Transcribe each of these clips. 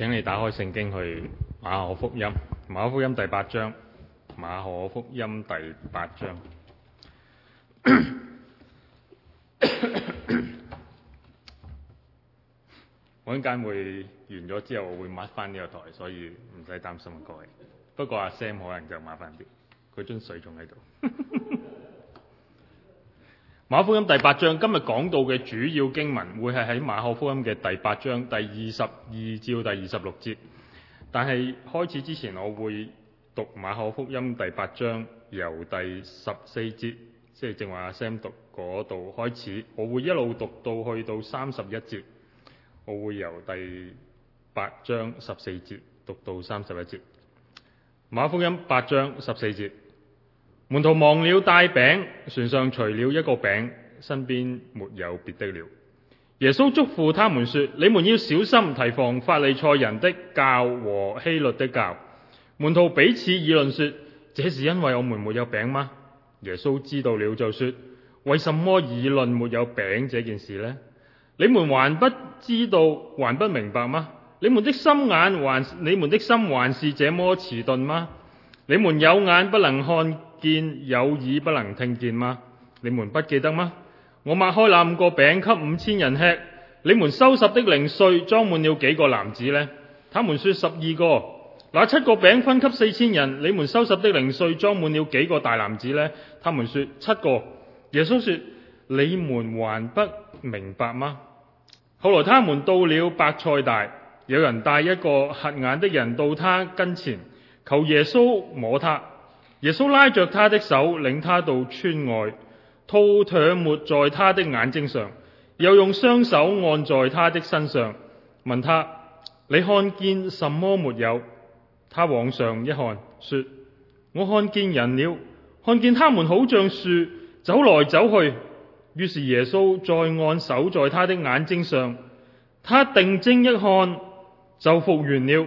請你打開聖經去馬可福音，馬可福音第八章，馬可福音第八章。我陣間會完咗之後，我會抹翻呢個台，所以唔使擔心啊，各位。不過阿 Sam 可能就麻煩啲，佢樽水仲喺度。 馬可福音第八章，今日講到嘅主要經文會係喺馬可福音嘅第八章第二十二至到第二十六節，但係開始之前，我會讀馬可福音第八章由第十四節，即係正話阿 Sam 讀嗰度開始，我會一路讀到去到三十一節，我會由第八章十四節讀到三十一節，馬可福音八章十四節。門徒忘了帶餅，船上除了一個餅，身邊沒有別的了。耶穌囑咐他們說：你們要小心提防法利賽人的教和希律的教。門徒彼此議論說：這是因為我們沒有餅嗎？耶穌知道了就說：為什麼議論沒有餅這件事呢？你們還不知道，還不明白嗎？你們的心眼還你們的心還是這麼遲鈍嗎？你們有眼不能看？見有耳不能聽見嗎？你們不記得嗎？我擘開那五個餅給五千人吃，你們收拾的零碎裝滿了幾個籃子呢？他們說十二個。那七個餅分給四千人，你們收拾的零碎裝滿了幾個大籃子呢？他們說七個。耶穌說：你們還不明白嗎？後來他們到了伯賽大，有人帶一個瞎眼的人到他跟前，求耶穌摸他。耶穌拉着他的手，領他到村外，吐唾沫在他的眼睛上，又用雙手按在他的身上，問他：你看見什麼沒有？他往上一看，說：我看見人了，看見他們好像樹走來走去。於是耶穌再按手在他的眼睛上，他定睛一看，就復原了，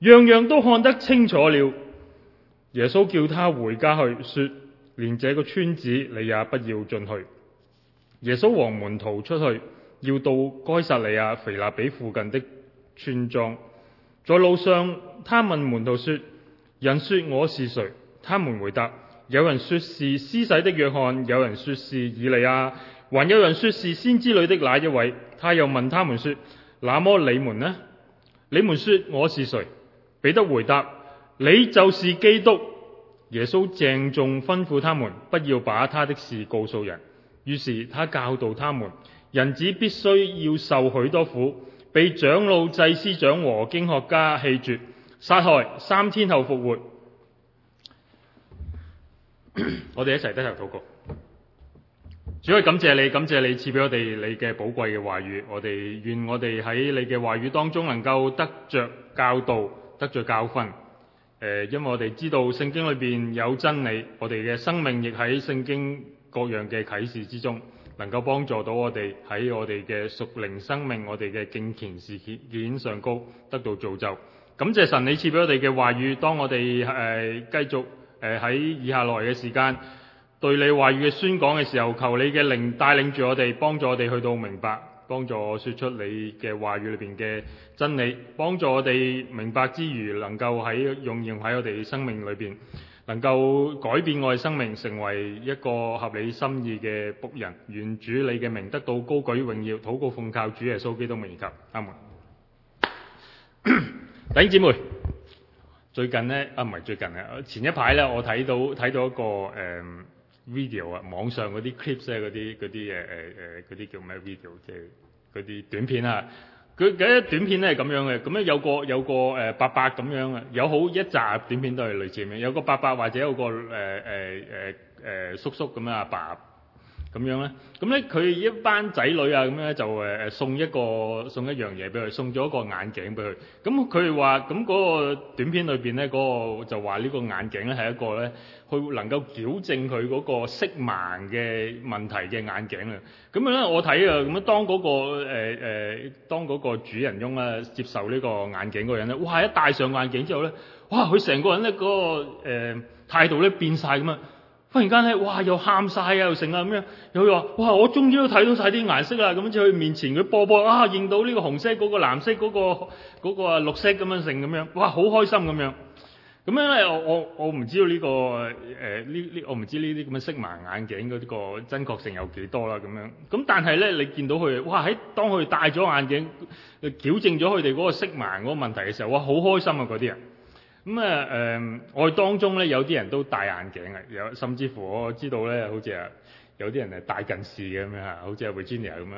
樣樣都看得清楚了。耶穌叫他回家去，說連這個村子你也不要進去。耶穌和門徒出去，要到該撒利亞腓立比附近的村莊。在路上，他問門徒說：人說我是誰？他們回答：有人說是施洗的約翰，有人說是以利亞，還有人說是先知裏的那一位？他又問他們說：那麼你們呢？你們說我是誰？彼得回答。你就是基督，耶穌鄭重吩咐他們，不要把他的事告訴人。於是他教導他們：人子必須要受許多苦，被長老、祭司長和經學家棄絕、殺害，三天後復活。 我哋一齊低頭禱告。主，感謝你，感謝你賜俾我哋你嘅寶貴嘅話語。我哋願我哋喺你嘅話語當中，能夠得着教導，得着教訓。誒，因為我哋知道聖經裏邊有真理，我哋嘅生命亦喺聖經各樣嘅啟示之中，能夠幫助到我哋喺我哋嘅屬靈生命、我哋嘅敬虔事件上高得到造就。感謝神，你賜俾我哋嘅話語，當我哋係、呃、繼續誒喺以下來嘅時間對你話語嘅宣講嘅時候，求你嘅靈帶領住我哋，幫助我哋去到明白。幫助我說出你嘅話語裏邊嘅真理，幫助我哋明白之餘，能夠喺用喺我哋生命裏邊，能夠改變我哋生命，成為一個合你心意嘅僕人。願主你嘅名得到高舉榮耀，禱告奉靠主耶穌基督名而求，阿門？ 弟兄姊妹，最近呢？啊，唔係最近啊，前一排咧，我睇到睇到一個誒。嗯 video 啊，網上嗰啲 clips 啊，嗰啲嗰啲誒誒誒嗰啲叫咩 video，即係嗰啲短片啊。佢嗰短片咧係咁樣嘅，咁樣有個有個誒伯伯咁樣啊，有好一集短片都係類似咁樣，有個伯伯或者有個誒誒誒誒叔叔咁樣阿爸。咁樣咧，咁咧佢一班仔女啊，咁咧就誒誒送一個送一樣嘢俾佢，送咗一個眼鏡俾佢。咁佢哋話：咁嗰個短片裏邊咧，嗰個就話呢個眼鏡咧係一個咧，佢能夠矯正佢嗰個色盲嘅問題嘅眼鏡啊。咁咧我睇啊，咁樣當嗰個誒誒，當嗰個主人翁咧接受呢個眼鏡嗰人咧，哇！一戴上眼鏡之後咧，哇！佢成個人咧嗰個誒態度咧變晒咁啊！忽然間咧，哇！又喊晒啊，又成啊咁樣，又話：哇！我終於都睇到晒啲顏色啦！咁就去面前佢播播啊，認到呢個紅色、嗰個藍色、嗰個嗰個啊綠色咁樣成咁樣，哇！好開心咁樣。咁樣咧，我我我唔知道呢個誒呢呢，我唔知呢啲咁嘅色盲眼鏡嗰啲個真確性有幾多啦咁樣。咁但係咧，你見到佢哇喺當佢戴咗眼鏡，矯正咗佢哋嗰個色盲嗰個問題嘅時候，哇！好開心啊嗰啲人。咁啊誒，我當中咧有啲人都戴眼鏡嘅，有甚至乎我知道咧，好似啊有啲人誒戴近視嘅咁樣嚇，好似阿 Virginia 咁樣，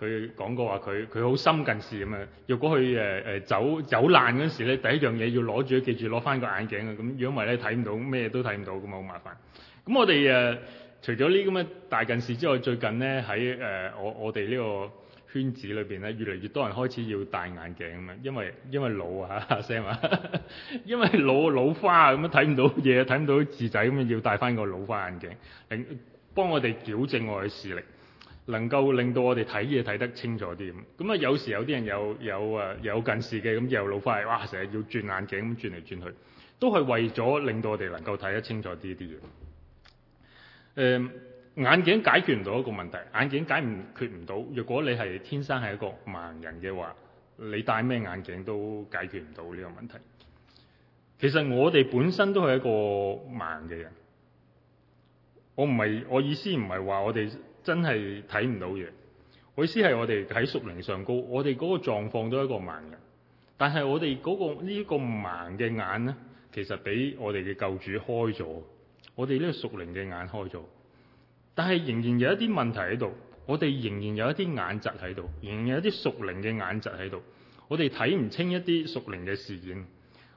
佢講過話佢佢好深近視咁樣，若果佢誒誒走走爛嗰時咧，第一樣嘢要攞住記住攞翻個眼鏡嘅，咁如果唔係咧睇唔到，咩都睇唔到咁啊，好麻煩。咁我哋誒除咗呢咁嘅大近視之外，最近咧喺誒我我哋呢個。圈子裏邊咧，越嚟越多人開始要戴眼鏡咁樣，因為因為老啊，聲啊，因為老老花啊，咁樣睇唔到嘢，睇唔到字仔咁樣，要戴翻個老花眼鏡，令幫我哋矯正我嘅視力，能夠令到我哋睇嘢睇得清楚啲咁。咁啊，有時有啲人有有誒有近視嘅，咁又老花嚟，哇！成日要轉眼鏡咁轉嚟轉去，都係為咗令到我哋能夠睇得清楚啲啲嘢。誒、嗯。眼鏡解決唔到一個問題，眼鏡解唔決唔到。若果你係天生係一個盲人嘅話，你戴咩眼鏡都解決唔到呢個問題。其實我哋本身都係一個盲嘅人，我唔係我意思唔係話我哋真係睇唔到嘢，我意思係我哋喺屬靈上高，我哋嗰個狀況都係一個盲人，但係我哋嗰個呢個盲嘅眼咧，其實俾我哋嘅救主開咗，我哋呢個屬靈嘅眼開咗，但係仍然有一啲問題喺度，我哋仍然有一啲眼疾喺度，仍然有一啲屬靈嘅眼疾喺度。我哋睇唔清一啲屬靈嘅事件，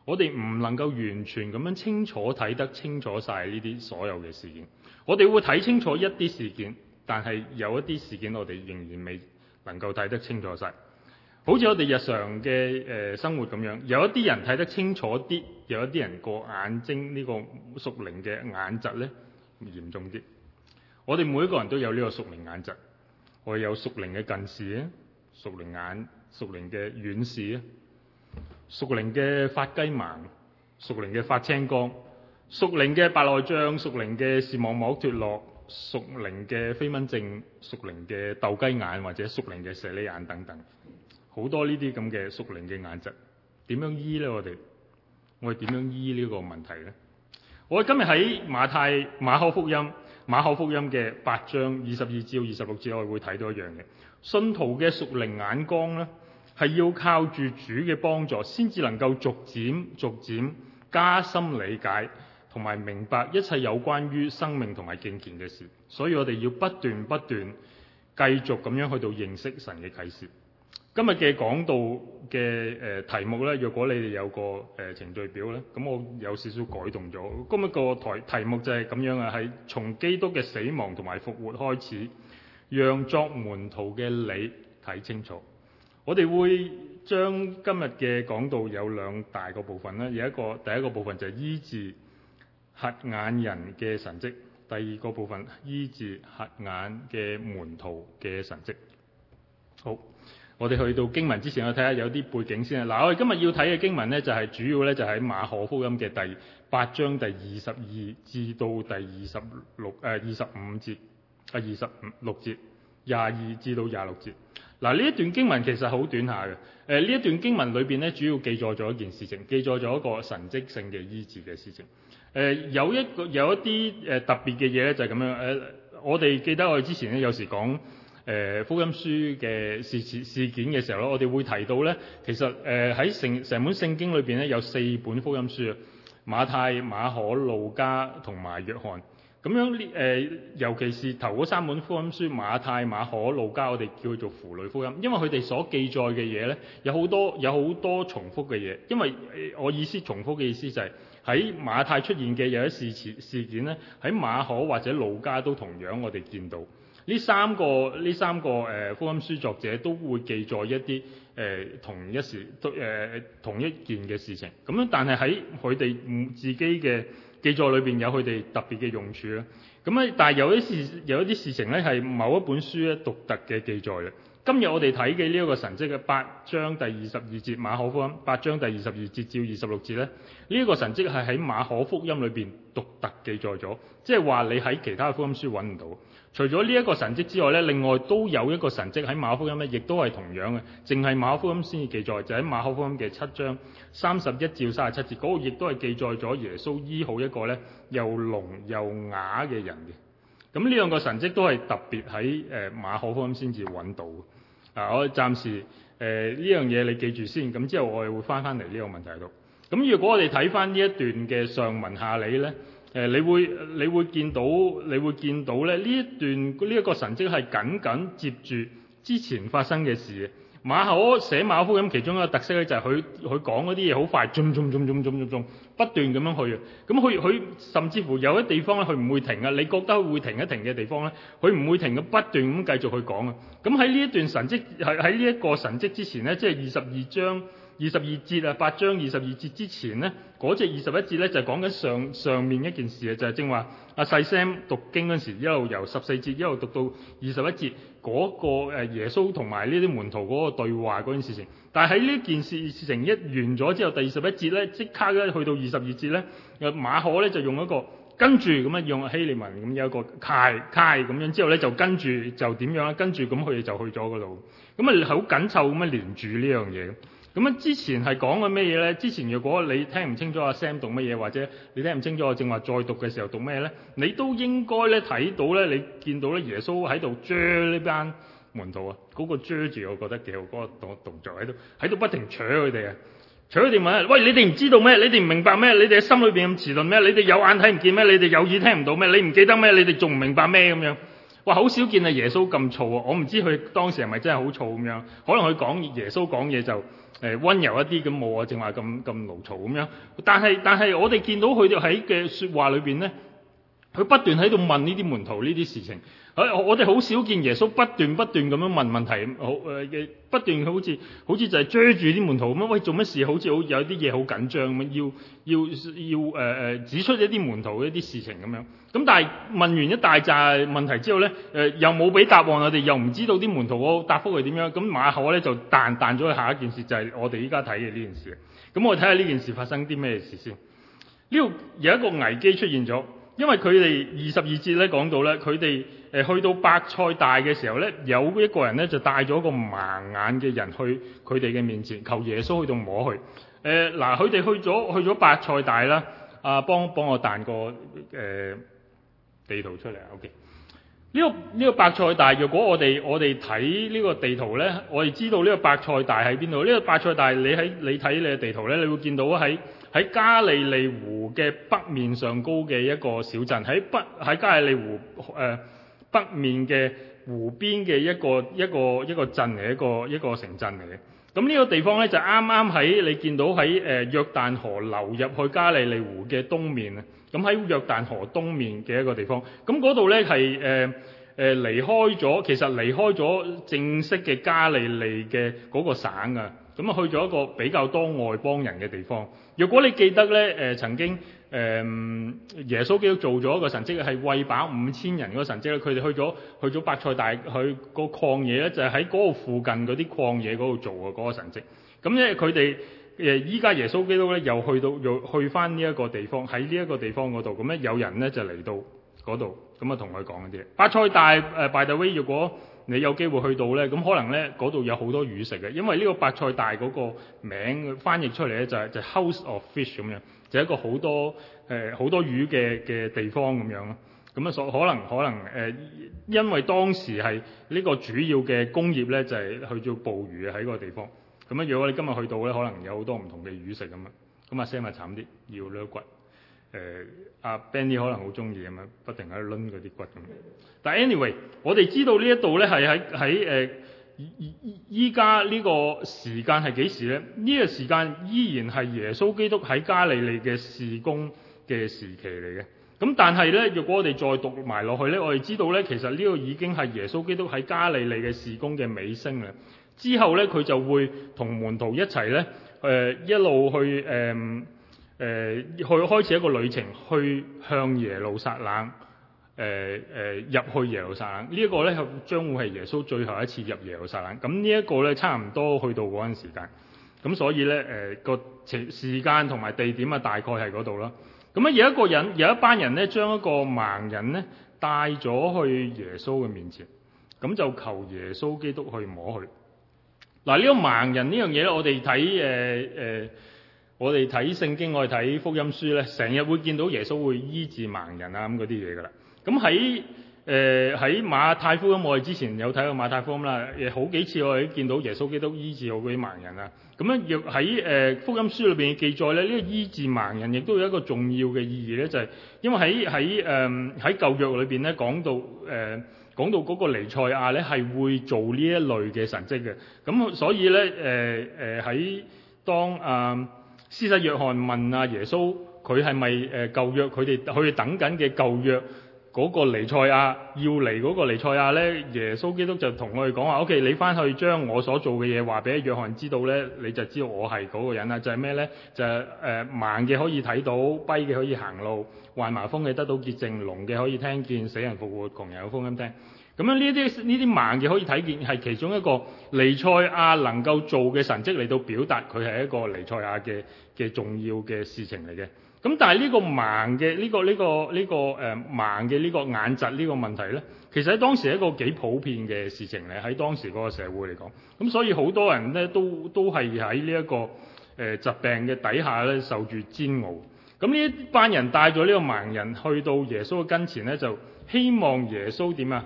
我哋唔能夠完全咁樣清楚睇得清楚晒呢啲所有嘅事件。我哋會睇清楚一啲事件，但係有一啲事件我哋仍然未能夠睇得清楚晒。好似我哋日常嘅誒生活咁樣，有一啲人睇得清楚啲，有一啲人個眼睛呢、呢個屬靈嘅眼疾咧嚴重啲。我哋每一個人都有呢個屬靈眼疾，我有屬靈嘅近視啊，屬靈眼、屬靈嘅遠視啊，屬靈嘅發雞盲、屬靈嘅發青光、屬靈嘅白內障、屬靈嘅視網膜脫落、屬靈嘅飛蚊症、屬靈嘅鬥雞眼或者屬靈嘅射喱眼等等，好多呢啲咁嘅屬靈嘅眼疾，點樣醫咧？我哋我哋點樣醫呢個問題咧？我哋今日喺馬太馬可福音。馬可福音嘅八章二十二至二十六節，我哋會睇到一樣嘅，信徒嘅屬靈眼光咧，係要靠住主嘅幫助，先至能夠逐漸、逐漸加深理解同埋明白一切有關於生命同埋敬虔嘅事。所以我哋要不斷、不斷繼續咁樣去到認識神嘅啟示。今日嘅講道嘅、誒題目呢，若果你哋有個、誒程序表呢，咁我有少少改動咗。今日個台題目就係咁樣啊，係從基督嘅死亡同埋復活開始，讓作門徒嘅你睇清楚。我哋會將今日嘅講道有兩大個部分呢，有一個第一個部分就係醫治瞎眼人嘅神跡，第二個部分醫治瞎眼嘅門徒嘅神跡。好。我哋去到經文之前，我睇下有啲背景先啊！嗱，我哋今日要睇嘅經文咧、就係，就係主要咧就喺馬可福音嘅第八章第二十二至到第二十六誒二十五節啊，二十五六節廿二至到廿六節。嗱、呃，呢一段經文其實好短下嘅。誒、呃，呢一段經文裏邊咧，主要記載咗一件事情，記載咗一個神蹟性嘅醫治嘅事情。誒、呃，有一個有一啲誒、呃、特別嘅嘢咧，就係咁樣。誒、呃，我哋記得我哋之前咧，有時講，誒福音書嘅事事事件嘅時候咧，我哋會提到咧，其實誒喺、呃、成成本聖經裏邊咧，有四本福音書，馬太、馬可、路加同埋約翰。咁樣呢誒、呃，尤其是頭嗰三本福音書，馬太、馬可、路加，我哋叫做婦女福音，因為佢哋所記載嘅嘢咧，有好多有好多重複嘅嘢。因為我意思重複嘅意思就係、是、喺馬太出現嘅有一事事件咧，喺馬可或者路加都同樣我哋見到。呢三個呢三個誒、呃、福音書作者都會記載一啲誒、呃、同一時都誒、呃、同一件嘅事情，咁樣，但係喺佢哋唔自己嘅記載裏邊，有佢哋特別嘅用處啦。咁啊，但係有一事有一啲事情咧，係某一本書咧獨特嘅記載啊。今日我哋睇嘅呢一個神跡嘅八章第二十二節馬可福音八章第二十二節照二十六節咧，呢、這、一個神跡係喺馬可福音裏邊獨特記載咗，即係話你喺其他嘅福音書揾唔到。除咗呢一個神跡之外咧，另外都有一個神跡喺馬可福音咧，亦都係同樣嘅，淨係馬可福音先至記載，就喺、是、馬可福音嘅七章三十一至三十七節嗰度，亦都係記載咗耶穌醫好一個咧又聾又啞嘅人嘅。咁呢兩個神跡都係特別喺誒馬可福音先至揾到嘅。嗱、啊，我暫時誒呢樣嘢你記住先，咁之後我哋會翻翻嚟呢個問題度。咁如果我哋睇翻呢一段嘅上文下理咧？誒，你會你會見到你會見到咧，呢一段呢一個神蹟係緊緊接住之前發生嘅事的。馬可寫馬可咁，其中一個特色咧就係佢佢講嗰啲嘢好快，噉噉噉噉噉噉不斷咁樣去嘅。咁佢佢甚至乎有啲地方咧佢唔會停啊！你覺得會停一停嘅地方咧、啊，佢唔會停嘅，不斷咁繼續去講啊！咁喺呢一段神蹟係喺呢一個神蹟之前咧，即係二十二章。二十二節啊，八章二十二節之前咧，嗰隻二十一節咧就講、是、緊上上面一件事啊，就係、是、正話阿細 Sam 讀經嗰陣時，一路由十四節一路讀到二十一節，嗰、那個誒耶穌同埋呢啲門徒嗰個對話嗰件事情。但係喺呢件事事情一完咗之後，第二十一節咧即刻咧去到二十二節咧，又馬可咧就用一個跟住，咁樣用希利文咁有一個 kai kai 咁樣，之後咧就跟住就點樣啊？跟住咁佢哋就去咗嗰度，咁啊好緊湊咁樣連住呢樣嘢。咁樣之前係講緊咩嘢咧？之前如果你聽唔清楚阿 Sam 讀乜嘢，或者你聽唔清楚我正話再讀嘅時候讀咩咧，你都應該咧睇到咧，你見到咧耶穌喺度遮呢班門徒啊，嗰、那個遮住，我覺得幾好嗰、那個動作喺度，喺度不停搶佢哋啊，搶佢哋問，喂你哋唔知道咩？你哋唔明白咩？你哋喺心裏邊咁遲鈍咩？你哋有眼睇唔見咩？你哋有耳聽唔到咩？你唔記得咩？你哋仲唔明白咩？咁樣，哇好少見啊！耶穌咁躁啊！我唔知佢當時係咪真係好躁咁樣，可能佢講耶穌講嘢就～誒溫柔一啲咁冇啊，淨話咁咁老嘈咁樣。但係但係我哋見到佢哋喺嘅說話裏邊咧。佢不斷喺度問呢啲門徒呢啲事情，我我哋好少見耶穌不斷不斷咁樣問問題，好，誒，不斷好似好似就係追住啲門徒咁樣，喂，做乜事？好似好有啲嘢好緊張咁，要要要誒誒指出一啲門徒一啲事情咁樣。咁但係問完一大紮問題之後咧，誒、呃、又冇俾答案我哋，又唔知道啲門徒嘅答復係點樣。咁馬可咧就彈彈咗去下一件事，就係、是、我哋依家睇嘅呢件事嘅。咁我哋睇下呢件事發生啲咩事先。呢度有一個危機出現咗。因為佢哋二十二節咧講到咧，佢哋誒去到白菜大嘅時候咧，有一個人咧就帶咗個盲眼嘅人去佢哋嘅面前，求耶穌去到摸佢。誒、呃、嗱，佢哋去咗去咗白菜大啦。啊，幫幫我彈個誒、呃、地圖出嚟。O K. 呢個呢、呢個白菜大，若果我哋我哋睇呢個地圖咧，我哋知道呢個白菜大喺邊度。呢、呢個白菜大，你喺你睇你嘅地圖咧，你會見到喺，喺加利利湖嘅北面上高嘅一個小鎮，喺北喺加利利湖誒、呃、北面嘅湖邊嘅一個一個一個鎮嚟，一個一個城鎮嚟嘅。咁呢個地方咧就啱啱喺你見到喺誒約旦河流入去加利利湖嘅東面啊。咁喺約旦河東面嘅一個地方，咁嗰度咧係誒誒離開咗，其實離開咗正式嘅加利利嘅嗰個省啊。咁啊去咗一個比較多外邦人嘅地方。如果你記得咧，誒、呃、曾經誒、呃、耶穌基督做咗一個神跡係餵飽五千人個神跡咧，佢哋去咗去咗伯賽大，佢、那個曠野咧就係喺嗰個附近嗰啲曠野嗰度做嘅嗰、那個神跡。咁因佢哋誒依家耶穌基督咧又去到又去翻呢一個地方喺呢一個地方嗰度，咁咧有人咧就嚟到嗰度咁啊同佢講啲嘢。伯賽大誒 by the way，uh, way, 如果你有機會去到咧，咁可能咧嗰度有好多魚食嘅，因為呢個白菜大嗰個名翻譯出嚟咧就係、係、就係、House of Fish 咁樣，就係、一個好多誒好、呃、多魚嘅嘅地方咁樣咯。咁啊所可能可能誒、呃，因為當時係呢個主要嘅工業咧就係、係、去做捕魚喺個地方。咁啊，如果你今日去到咧，可能有好多唔同嘅魚食咁啊。咁阿 Sam 啊，慘啲要攣骨。誒阿、uh, Benny 可能好中意咁樣，不停喺度攆嗰啲骨咁。但 anyway，我哋知，呃這個、知道呢一度咧係喺喺誒依依依家呢個時間係幾時咧？呢個時間依然係耶穌基督喺加利利嘅事工嘅時期嚟嘅。咁但係咧，若果我哋再讀埋落去咧，我哋知道咧，其實呢個已經係耶穌基督喺加利利嘅事工嘅尾聲啦。之後咧，佢就會同門徒一齊咧，誒、呃、一路去誒。呃誒，去、呃、開始一個旅程，去向耶路撒冷，誒、呃、誒、呃、入去耶路撒冷。這個、呢一個咧，將會係耶穌最後一次入耶路撒冷。咁、這個、呢一個咧，差唔多去到嗰陣時間。咁所以咧，誒個時時間同埋地點啊，大概係嗰度啦。咁、嗯、啊，有一個人，有一班人咧，將一個盲人咧帶咗去耶穌嘅面前，咁、嗯、就求耶穌基督去摸佢。嗱，呢個盲人呢樣嘢咧，我哋睇誒誒。呃呃我哋睇聖經，我哋睇福音書咧，成日會見到耶穌會醫治盲人啊咁嗰啲嘢㗎喇。咁喺誒喺馬太福音，我哋之前有睇過馬太福音啦，亦好幾次我哋見到耶穌基督醫治好嗰啲盲人啊。咁樣亦喺誒福音書裏邊記載咧，呢、這個醫治盲人亦都有一個重要嘅意義咧，就係、是、因為喺喺誒喺舊約裏邊咧講到誒講、呃、到嗰個彌賽亞咧係會做呢一類嘅神蹟嘅。咁所以咧誒誒喺當啊～、呃施洗約翰問阿耶穌：佢係咪誒舊約佢哋佢哋等緊嘅舊約嗰個彌賽亞要嚟嗰個彌賽亞咧？耶穌基督就同我哋講話：O.K. 你翻去將我所做嘅嘢話俾約翰知道咧，你就知道我係嗰個人啦。就係咩咧？就係、是、誒、呃、盲嘅可以睇到，跛嘅可以行路，患麻風嘅得到潔淨，聾嘅可以聽見，死人復活，窮人有福音聽。咁樣呢啲呢啲盲嘅可以睇見，係其中一個彌賽亞能夠做嘅神跡嚟到表達佢係一個彌賽亞嘅。嘅重要嘅事情嚟嘅。咁但係呢個盲嘅呢、呢個呢、呢個呢、呢個誒、呃、盲嘅呢個眼疾呢個問題咧,其實喺當時係一個幾普遍嘅事情咧，喺當時嗰個社會嚟講，咁、嗯、所以好多人咧都都係喺呢一個誒、呃、疾病嘅底下咧受住煎熬。咁呢一班人帶咗呢個盲人去到耶穌嘅跟前咧，就希望耶穌點啊？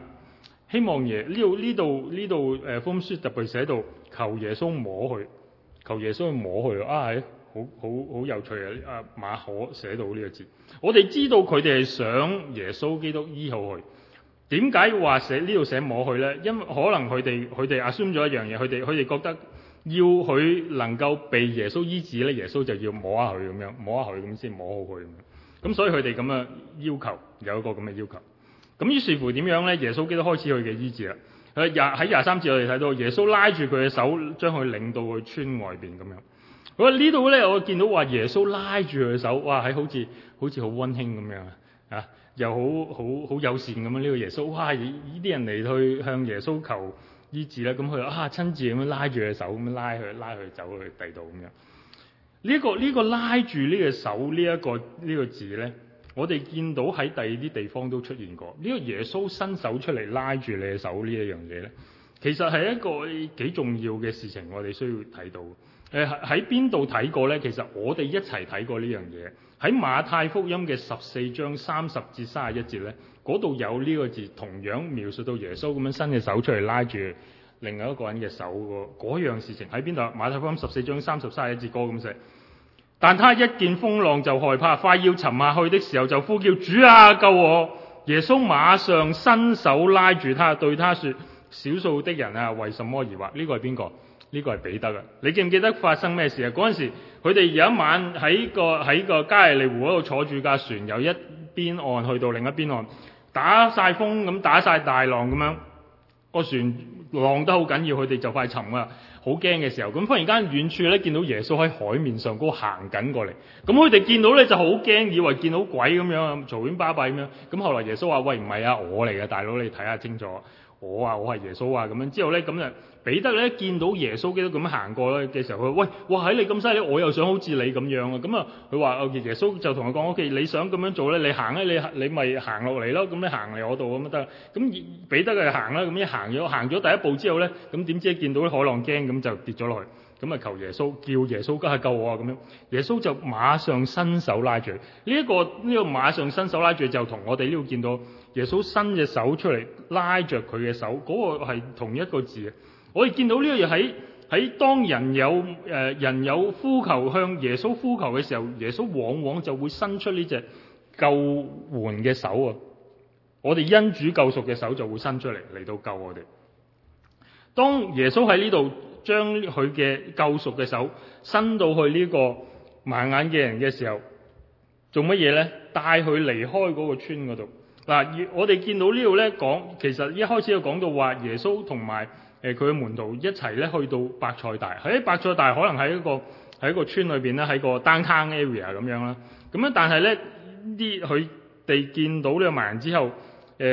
希望耶呢度呢度呢度誒封書特別寫度求耶穌摸佢，求耶穌去摸佢啊！係。好好好有趣啊！阿馬可寫到呢個字，我哋知道佢哋係想耶穌基督醫好佢，點解要話寫呢度寫摸佢咧？因為可能佢哋佢哋 assume 咗一樣嘢，佢哋佢哋覺得要佢能夠被耶穌醫治咧，耶穌就要摸下佢咁樣，摸下佢咁先摸好佢咁，咁所以佢哋咁嘅要求，有一個咁嘅要求。咁於是乎點樣咧？耶穌基督開始佢嘅醫治啦。佢廿喺廿三節我哋睇到耶穌拉住佢嘅手，將佢領到去村外邊咁樣。我呢度咧，我見到話耶穌拉住佢手，哇，喺好似好似好溫馨咁樣啊，又好好好友善咁樣呢個耶穌，哇！呢啲人嚟去向耶穌求醫治咧，咁佢啊親自咁樣拉住佢手，咁拉佢拉佢走去第度咁樣。呢個呢個拉住呢個手呢一個呢個字咧，我哋見到喺第二啲地方都出現過。呢個耶穌伸手出嚟拉住你嘅手呢一樣嘢咧，其實係一個幾重要嘅事情，我哋需要睇到。誒喺邊度睇過呢？其實我哋一齊睇過呢樣嘢喺馬太福音嘅十四章三十至三十一節呢，嗰度有呢個字，同樣描述到耶穌咁樣伸隻手出嚟拉住另外一個人嘅手喎。嗰樣事情喺邊度？馬太福音十四章三十、三十一節嗰個咁寫。但他一見風浪就害怕，快要沉下去的時候就呼叫主啊，救我！耶穌馬上伸手拉住他，對他説：小信的人啊，為什麼疑惑？呢個係邊個？呢個係彼得啊！你記唔記得發生咩事啊？嗰陣時佢哋有一晚喺個喺個加利利湖嗰度坐住架船，由一邊岸去到另一邊岸，打晒風咁，打晒大浪咁樣，個船浪得好緊要，佢哋就快沉啦，好驚嘅時候，咁忽然間遠處咧見到耶穌喺海面上高行緊過嚟，咁佢哋見到咧就好驚，以為見到鬼咁樣，嘈冤巴閉咁樣，咁後來耶穌話：喂唔係啊，我嚟嘅大佬，你睇下清楚，我啊我係耶穌啊！咁樣之後咧咁就。彼得咧，一見到耶穌，基督咁樣行過咧嘅時候，佢喂，哇！喺、欸、你咁犀利，我又想好似你咁樣啊。咁啊，佢話，我耶穌就同佢講，OK，你想咁樣做咧，你行咧、啊，你你咪行落嚟咯。咁你行嚟我度咁啊得。咁彼得佢行咧，咁一行咗行咗第一步之後咧，咁點知見到啲海浪驚咁就跌咗落去，咁啊求耶穌叫耶穌家救我啊！咁樣耶穌就馬上伸手拉住佢。呢、這、一個呢、這個馬上伸手拉住就同我哋呢度見到耶穌伸隻手出嚟拉著佢嘅手，嗰、那個係同一個字。我哋見到呢個嘢喺喺當人有誒、呃、人有呼求向耶穌呼求嘅時候，耶穌往往就會伸出呢隻救援嘅手啊！我哋恩主救贖嘅手就會伸出嚟嚟到救我哋。當耶穌喺呢度將佢嘅救贖嘅手伸到去呢個盲眼嘅人嘅時候，做乜嘢咧？帶佢離開嗰個村嗰度嗱。我哋見到呢度咧講，其實一開始就講到話耶穌同埋。誒佢嘅門徒一齊咧去到伯賽大，喺、哎、伯賽大可能喺一個喺一個村裏邊咧喺個 downtown area 咁樣啦，咁樣但係咧啲佢哋見到呢個盲人之後，誒、呃、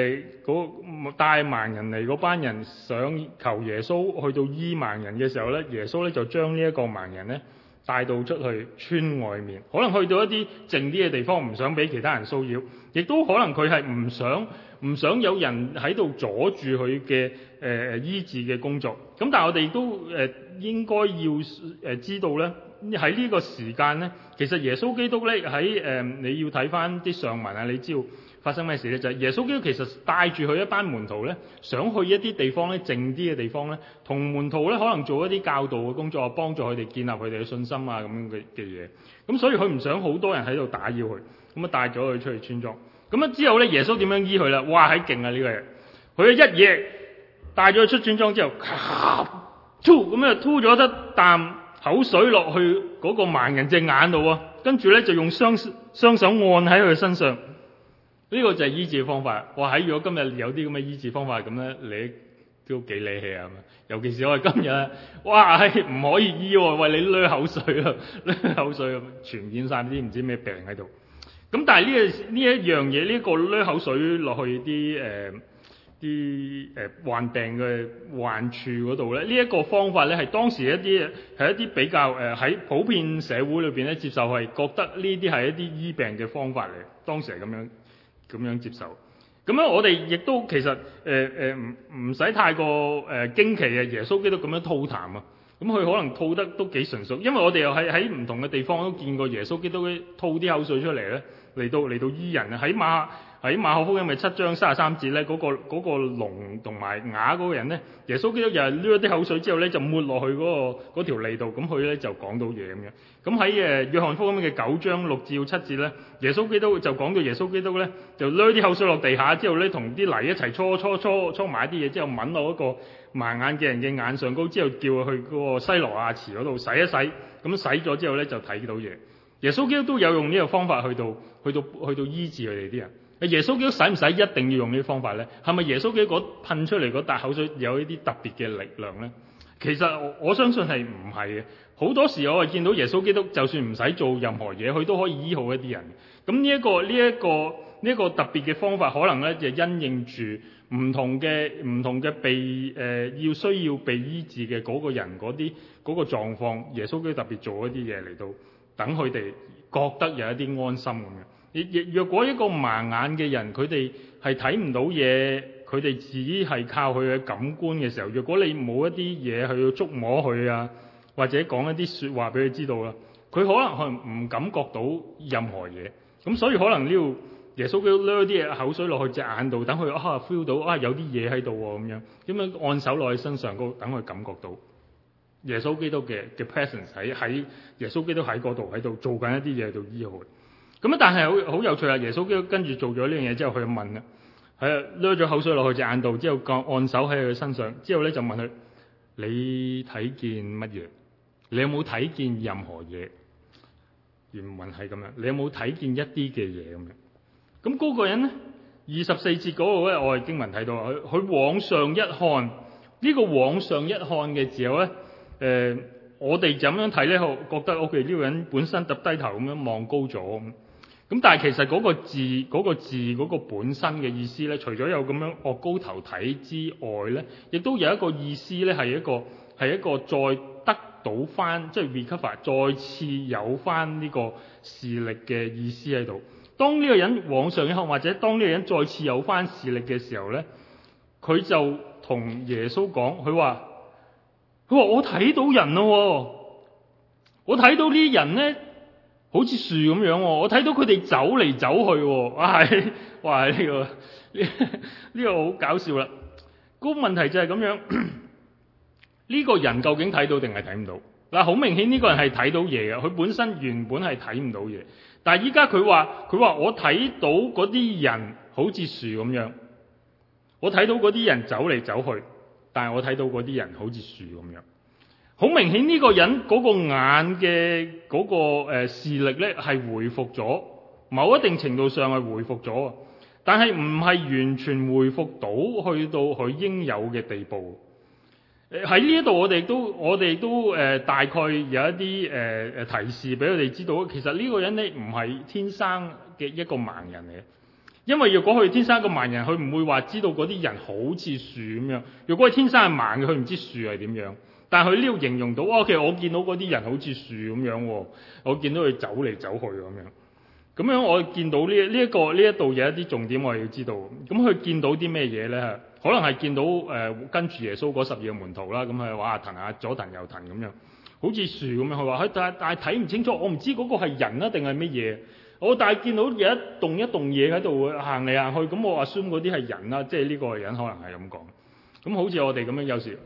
嗰、那個、帶盲人嚟嗰班人想求耶穌去到醫盲人嘅時候咧，耶穌咧就將呢一個盲人咧帶到出去村外面，可能去到一啲靜啲嘅地方，唔想俾其他人騷擾，亦都可能佢係唔想。唔想有人喺度阻住佢嘅誒醫治嘅工作，咁但係我哋都誒、呃、應該要誒、呃、知道咧，喺呢個時間咧，其實耶穌基督咧喺誒你要睇翻啲上文啊，你知道發生咩事咧？就係、是、耶穌基督其實帶住佢一班門徒咧，想去一啲地方咧靜啲嘅地方咧，同門徒咧可能做一啲教導嘅工作，啊，幫助佢哋建立佢哋嘅信心啊咁樣嘅嘅嘢，咁所以佢唔想好多人喺度打擾佢，咁啊帶咗佢出去村莊。咁之後咧，耶穌點樣醫佢啦？哇，喺勁啊！呢個人，佢一嘢帶咗佢出村莊之後，咭咁樣吐咗一啖口，口水落去嗰個盲人隻眼度，跟住咧就用雙雙手按喺佢身上。呢、這個就係醫，醫治方法。哇！喺如果今日有啲咁嘅醫治方法咁咧，你都幾厲害啊！尤其是我哋今日，哇！喺、哎、唔可以醫喎，喂，你攞口水啊，攞口水咁，傳染晒啲唔知咩病喺度。咁但係呢、呢個呢一樣嘢，呢個濺口水落去啲誒啲誒患病嘅患處嗰度咧，呢、呢、一個方法咧係當時一啲係一啲比較誒喺、呃、普遍社會裏邊咧接受係覺得呢啲係一啲醫病嘅方法嚟，當時係咁樣咁樣接受。咁樣我哋亦都其實誒誒唔唔使太過誒驚奇嘅，耶穌基督咁樣吐痰啊！咁佢可能吐得都幾純熟，因為我哋又喺喺唔同嘅地方都見過耶穌基督咧吐啲口水出嚟咧，嚟到嚟到醫人啊！喺馬喺馬可福音嘅七章三十三節咧，嗰個嗰個龍同埋啞嗰個人咧，耶穌基督又係攣一啲口水之後咧，就抹落去嗰個嗰條脷度，咁佢咧就講到嘢咁樣。咁喺誒約翰福音嘅九章六至到七節咧，耶穌基督就講到耶穌基督咧，就攣啲口水落地下之後咧，同啲泥一齊搓搓搓搓埋啲嘢之後，揾落一個。盲眼嘅人嘅眼上膏之後叫佢去嗰個西羅亞池嗰度洗一洗，咁洗咗之後咧就睇到嘢。耶穌基督都有用呢個方法去到去到去到醫治佢哋啲人。啊，耶穌基督使唔使一定要用呢啲方法咧？係咪耶穌基督嗰噴出嚟嗰笪口水有一啲特別嘅力量咧？其實我，我相信係唔係嘅。好多時我係見到耶穌基督就算唔使做任何嘢，佢都可以醫好一啲人。咁呢一個呢一個呢一個特別嘅方法，可能咧就係、因應住。唔同嘅唔同嘅被誒要、呃、需要被醫治嘅嗰個人嗰啲嗰個狀況，耶穌都特別做一啲嘢嚟到等佢哋覺得有一啲安心咁樣。若若若果一個盲眼嘅人，佢哋係睇唔到嘢，佢哋只係靠佢嘅感官嘅時候，若果你冇一啲嘢去觸摸佢啊，或者講一啲説話俾佢知道啦，佢可能係唔感覺到任何嘢。咁所以可能呢度。耶穌基督攞啲嘢口水落去隻眼度，等佢啊 feel 到啊有啲嘢喺度咁樣，咁樣按手落去身上嗰，等佢感覺到耶穌基督嘅嘅 presence 喺喺耶穌基督喺嗰度喺度做緊一啲嘢做醫好咁啊，但係好好有趣啊。耶穌基督跟住做咗呢樣嘢之後，佢就問啦，喺啊攞咗口水落去隻眼度之後，按手喺佢身上之後咧，就問佢：你睇見乜嘢？你有冇睇見任何嘢？原文係咁樣，你有冇睇見一啲嘅嘢咁樣？咁嗰個人咧，二十四節嗰個咧，我係經文睇到，佢佢往上一看，呢、呢個往上一看嘅時候咧，誒、呃，我哋就咁樣睇咧，覺得我哋呢個人本身揼低頭咁樣望高咗。咁但係其實嗰個字嗰、嗰個字嗰、嗰個嗰個本身嘅意思咧，除咗有咁樣擱高頭睇之外咧，亦都有一個意思咧，係一個係一個，一個再得到翻，即係 recover 再次有翻呢個視力嘅意思喺度。當呢個人往上以後，或者當呢個人再次有翻視力嘅時候咧，佢就同耶穌講，佢話佢話我睇到人咯、哦，我睇到人呢人咧，好似樹咁樣、哦，我睇到佢哋走嚟走去、哦，係哇呢、這個呢、這個這個好搞笑啦！個問題就係咁樣，呢、這個人究竟睇到定係睇唔到？嗱，好明顯呢個人係睇到嘢嘅，佢本身原本係睇唔到嘢。但係依家佢話，佢話我睇到嗰啲人好似樹咁樣，我睇到嗰啲人走嚟走去，但係我睇到嗰啲人好似樹咁樣。好明顯呢個人嗰個眼嘅嗰個誒視力咧，係恢復咗，某一定程度上係恢復咗，但係唔係完全恢復到去到佢應有嘅地步。喺呢一度我哋都我哋都誒、呃、大概有一啲誒誒提示俾佢哋知道，其實呢個人咧唔係天生嘅一個盲人嚟嘅，因為若果佢天生個盲人，佢唔會話知道嗰啲人好似樹咁樣，若果係天生係盲嘅，佢唔知樹係點樣，但係佢呢度形容到、哦、OK，我見到嗰啲人好似樹咁樣，我見到佢走嚟走去咁樣，咁樣我見到呢呢一個呢一度有一啲重點，我係要知道。咁佢見到啲咩嘢咧？可能係見到誒、呃、跟住耶穌嗰十二個門徒啦，咁、嗯、係哇騰啊左騰右騰咁樣，好似樹咁樣。佢話：但係但係睇唔清楚，我唔知嗰個係人啊定係乜嘢。我但係見到有一棟一棟嘢喺度行嚟行去，咁、嗯、我話孫嗰啲係人啦，即係呢個人可能係咁講。咁好似我哋咁樣有時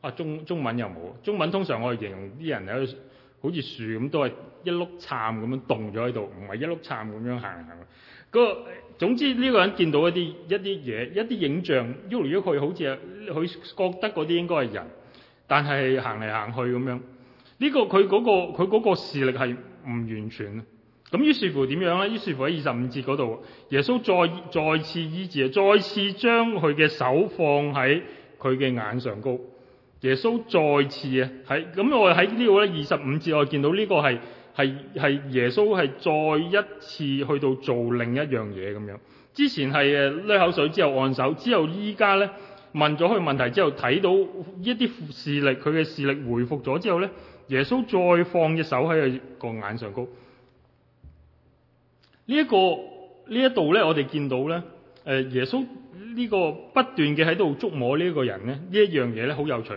啊中中文又冇，中文通常我哋形容啲人喺好似樹咁，都係一碌杉咁樣棟咗喺度，唔係一碌杉咁樣行行。嗰個總之呢個人見到一啲一啲嘢，一啲影像，喐嚟喐去，好似佢覺得嗰啲應該係人，但係行嚟行去咁樣。呢個佢嗰個佢嗰個視力係唔完全。咁於是乎點樣咧？於是乎喺二十五節嗰度，耶穌再再次醫治啊，再次將佢嘅手放喺佢嘅眼上高。耶穌再次啊，喺咁我喺呢個二十五節我見到呢個係。係係耶穌係再一次去到做另一樣嘢咁樣，之前係甩口水之後按手，之後依家咧問咗佢問題之後，睇到一啲視力，佢嘅視力回復咗之後咧，耶穌再放隻手喺佢個眼上高。這個、呢一個呢一度咧，我哋見到咧，誒耶穌呢個不斷嘅喺度捉摸呢一個人咧，呢一樣嘢咧好有趣嘅。誒、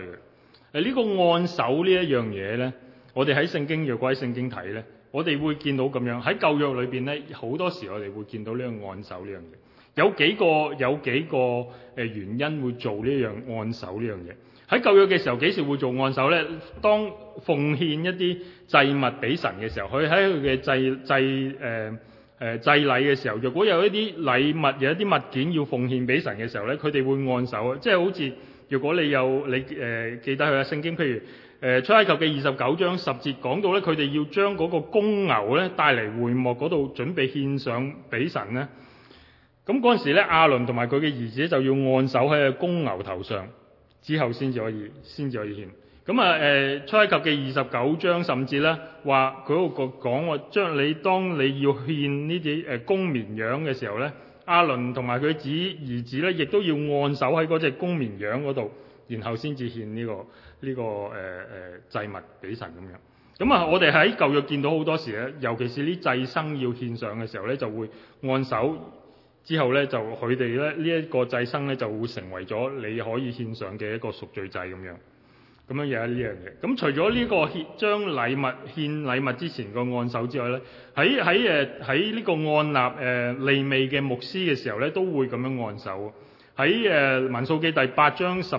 這、呢個按手一呢一樣嘢咧。我哋喺聖經，若果喺聖經睇咧，我哋會見到咁樣，喺舊約裏邊咧，好多時我哋會見到呢樣按手呢樣嘢。有幾個有幾個誒原因會做呢樣按手呢樣嘢。喺舊約嘅時候，幾時會做按手咧？當奉獻一啲祭物俾神嘅時候，佢喺佢嘅祭祭誒誒祭、呃、祭禮嘅時候，若果有一啲禮物有一啲物件要奉獻俾神嘅時候咧，佢哋會按手。即係好似，如果你有你誒、呃、記得佢啊聖經，譬如。誒出埃及記二十九章十節講到咧，佢哋要將嗰個公牛咧帶嚟會幕嗰度準備獻上俾神咧。咁嗰陣時咧，阿倫同埋佢嘅兒子就要按手喺公牛頭上，之後先至可以先至可以獻。咁啊誒出埃及記二十九章甚至咧話佢嗰個講話將你當你要獻呢啲誒公綿羊嘅時候咧，阿倫同埋佢子兒子咧亦都要按手喺嗰隻公綿羊嗰度，然後先至獻呢個。呢個誒誒祭物俾神咁樣，咁啊，我哋喺舊約見到好多時咧，尤其是啲祭牲要獻上嘅時候咧，就會按手，之後咧就佢哋咧呢一個祭牲咧就會成為咗你可以獻上嘅一個贖罪祭咁樣，咁樣有呢樣嘢。咁除咗呢個獻將禮物獻禮物之前個按手之外咧，喺喺誒喺呢個按立誒利未嘅牧師嘅時候咧，都會咁樣按手喺誒民數記第八章十。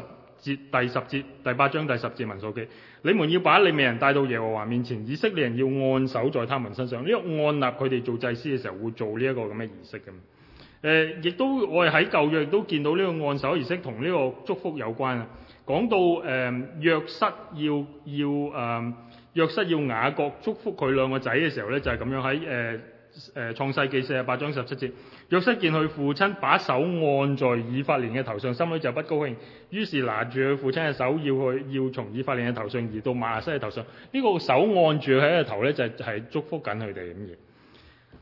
第十節，第八章第十節文所記，你們要把你們人帶到耶和華面前，以色列人要按手在他們身上，呢個按立佢哋做祭司嘅時候會做呢個咁嘅儀式，亦都我哋喺舊約都見到呢個按手儀式同呢個祝福有關，講到，嗯，約瑟要，要，嗯，約瑟要雅各祝福佢兩個仔嘅時候呢，就係咁樣喺，誒、呃、創世記四十八章十七節，約瑟見佢父親把手按在以法蓮嘅頭上，心裏就不高興，於是拿住佢父親嘅手要，要去要從以法蓮嘅頭上移到瑪拿西嘅頭上。呢、這個手按住喺個頭咧，就係、是、祝福緊佢哋咁嘅。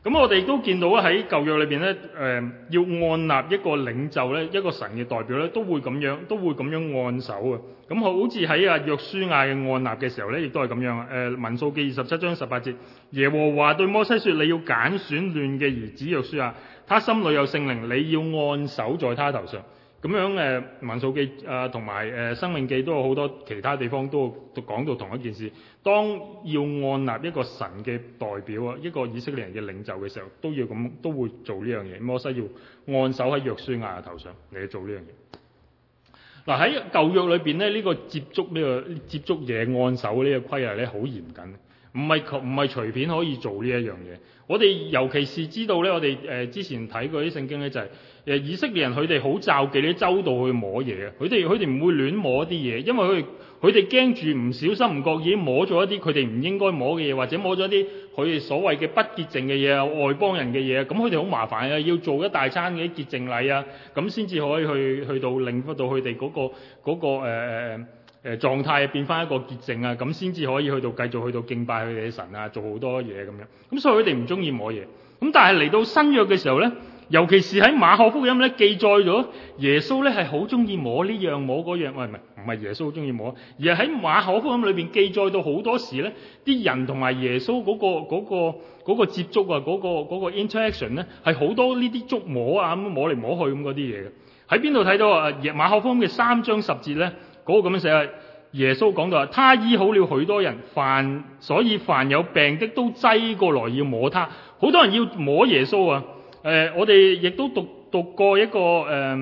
咁、嗯、我哋都見到喺舊約裏邊咧，誒、呃、要按立一個領袖咧，一個神嘅代表咧，都會咁樣，都會咁樣按手啊！咁、嗯、好似喺阿約書亞嘅按立嘅時候咧，亦都係咁樣啊！誒，民數記二十七章十八節，耶和華對摩西説：你要揀選嫩嘅兒子約書亞，他心裡有聖靈，你要按手在他頭上。咁樣誒，《民數記》啊，同埋誒《申命記》都有好多其他地方都講到同一件事。當要按立一個神嘅代表啊，一個以色列人嘅領袖嘅時候，都要咁都會做呢樣嘢。摩西要按手喺約書亞頭上嚟做呢樣嘢。嗱，喺舊約裏邊咧，呢、呢個接觸呢、呢個接觸嘢、呢個、按手呢個規例咧，好嚴謹，唔係唔係隨便可以做呢一樣嘢。我哋尤其是知道咧，我哋誒、呃、之前睇過啲聖經咧、就係，就係。以色列人佢哋好罩忌啲周到去摸嘢，佢哋佢哋唔會亂摸一啲嘢，因為佢佢哋驚住唔小心唔覺意摸咗一啲佢哋唔應該摸嘅嘢，或者摸咗啲佢哋所謂嘅不潔淨嘅嘢，外邦人嘅嘢啊，咁佢哋好麻煩啊，要做一大餐嘅潔淨禮啊，咁先至可以去去到令到佢哋嗰個嗰個誒誒誒狀態變翻一個潔淨啊，咁先至可以去到繼續去到敬拜佢哋嘅神啊，做好多嘢咁樣，咁所以佢哋唔中意摸嘢，咁但係嚟到新約嘅時候咧。尤其是喺馬可福音咧記載咗耶穌咧係好中意摸呢樣摸嗰樣，唔係唔係耶穌好中意摸，而喺馬可福音裏邊記載到好多時咧，啲人同埋耶穌嗰個嗰個嗰個接觸啊，嗰個嗰個 interaction 咧係好多呢啲觸摸啊，咁摸嚟摸去咁嗰啲嘢嘅。喺邊度睇到啊？馬可福音嘅三章十節咧嗰個咁樣寫，耶穌講到話，他醫好了許多人，凡，所以凡有病的都擠過來要摸他，好多人要摸耶穌啊！誒、呃，我哋亦都讀讀過一個誒、呃、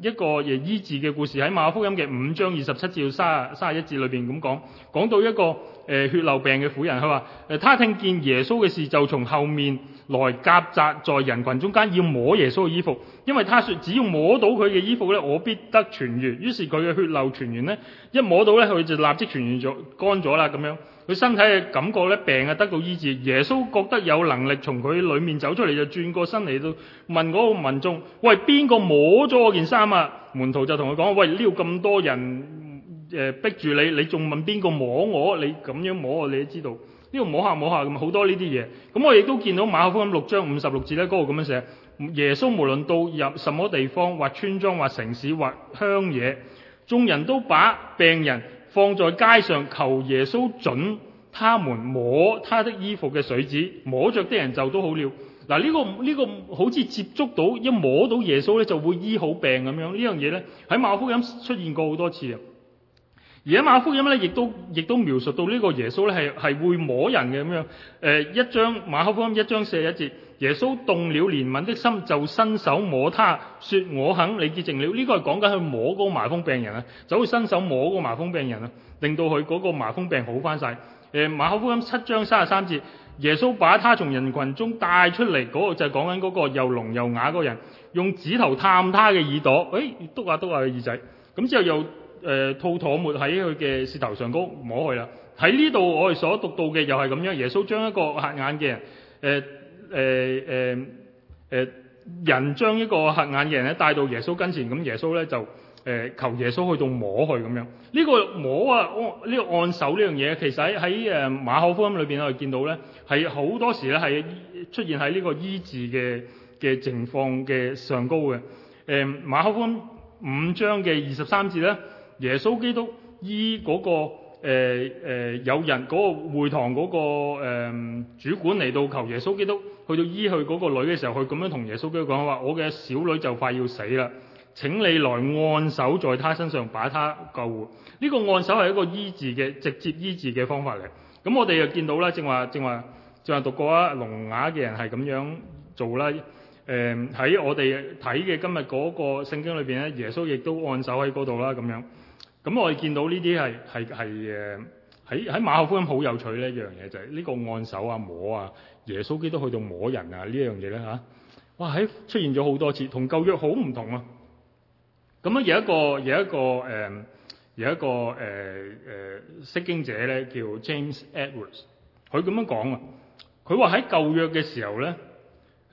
一個嘅醫治嘅故事，喺馬可福音嘅五章二十七至到三十一節裏邊咁講，講到一個誒、呃、血漏病嘅婦人，佢話誒，他聽見耶穌嘅事，就從後面來夾雜在人群中間，要摸耶穌嘅衣服，因為他說只要摸到佢嘅衣服咧，我必得痊愈。於是佢嘅血漏痊癒咧，一摸到咧，佢就立即痊癒咗，乾咗啦咁樣。佢身體嘅感覺咧，病啊得到醫治。耶穌覺得有能力從佢裏面走出嚟，就轉過身嚟到問嗰個民眾：喂，邊個摸咗我件衫啊？門徒就同佢講：喂，呢度咁多人誒、呃、逼住你，你仲問邊個摸我？你咁樣摸我，你都知道呢度摸下摸下咁好多呢啲嘢。咁我亦都見到馬可福音六章五十六字咧，嗰度咁樣寫：耶穌無論到入什麼地方，或村莊，或城市，或鄉野，眾人都把病人放在街上，求耶穌准他們摸他的衣服嘅繸子，摸着的人就都好了。這個這個，好了嗱，呢個呢個好似接觸到一摸到耶穌咧，就會醫好病咁樣。呢樣嘢咧，喺馬可福音出現過好多次啊。而家馬可福音咧，亦都亦都描述到呢個耶穌咧，係係會摸人嘅咁樣。誒，一章馬可福音一章四一節，耶穌動了憐憫的心，就伸手摸他，說：我肯你潔淨了。呢個係講緊去摸個麻風病人啊，走去伸手摸個麻風病人啊，令到佢嗰個麻風病好翻晒。誒，馬可福音七章三十三節，耶穌把他從人群中帶出嚟，嗰個就係講緊嗰個又聾又啞嗰個人，用指頭探他嘅耳朵，誒篤下篤下嘅耳仔，咁之後又。誒吐、呃、唾沫喺佢嘅舌頭上高摸佢啦。喺呢度我哋所讀到嘅又係咁樣，耶穌將一個瞎眼嘅人，誒誒誒誒人將一個瞎眼嘅人咧帶到耶穌跟前，咁、嗯、耶穌咧就誒、呃、求耶穌去到摸佢咁樣。呢、這個摸啊，呢、這個按手呢樣嘢，其實喺喺誒馬可福音裏邊我哋見到咧係好多時咧係出現喺呢個醫治嘅嘅情況嘅上高嘅。誒、呃、馬可福音五章嘅二十三節咧。耶穌基督醫嗰、那個誒誒、呃呃、有人嗰、那個會堂嗰、那個誒、呃、主管嚟到求耶穌基督去到醫佢嗰個女嘅時候，佢咁樣同耶穌基督講話：我嘅小女就快要死啦，請你來按手在她身上，把她救活。呢、這個按手係一個醫治嘅直接醫治嘅方法嚟。咁我哋又見到咧，正話正話正話讀過啊聾啞嘅人係咁樣做啦。誒、呃、喺我哋睇嘅今日嗰個聖經裏邊咧，耶穌亦都按手喺嗰度啦，咁樣。咁、嗯、我哋見到呢啲係係係誒喺喺馬可福音好有趣咧一樣嘢就係、是、呢個按手啊摸啊耶穌基督去到摸人啊呢樣嘢咧吓，哇喺出現咗好多次同舊約好唔同啊咁啊、嗯、有一個有一個誒、呃、有一個誒誒、呃、釋經者咧叫 James Edwards，佢咁樣講啊，佢話喺舊約嘅時候咧呢、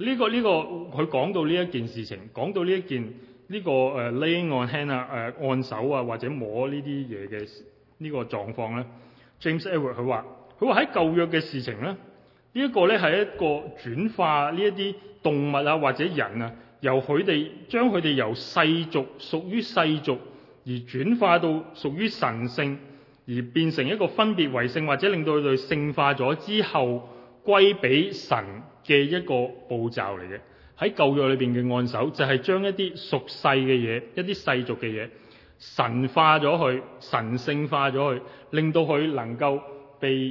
呢個呢、呢個佢講到呢一件事情講到呢一件。呢個誒 laying on hand 啊誒按手啊或者摸呢啲嘢嘅呢個狀況咧，James Edward 佢話：佢話喺舊約嘅事情咧，這個、呢一個咧係一個轉化呢一啲動物啊或者人啊，由佢哋將佢哋由世俗屬於世俗而轉化到屬於神性，而變成一個分別為聖，或者令到佢哋聖化咗之後歸俾神嘅一個步驟嚟嘅。喺舊約裏邊嘅按手，就係、是、將一啲俗世嘅嘢，一啲世俗嘅嘢神化咗去，神聖化咗去，令到佢能夠被誒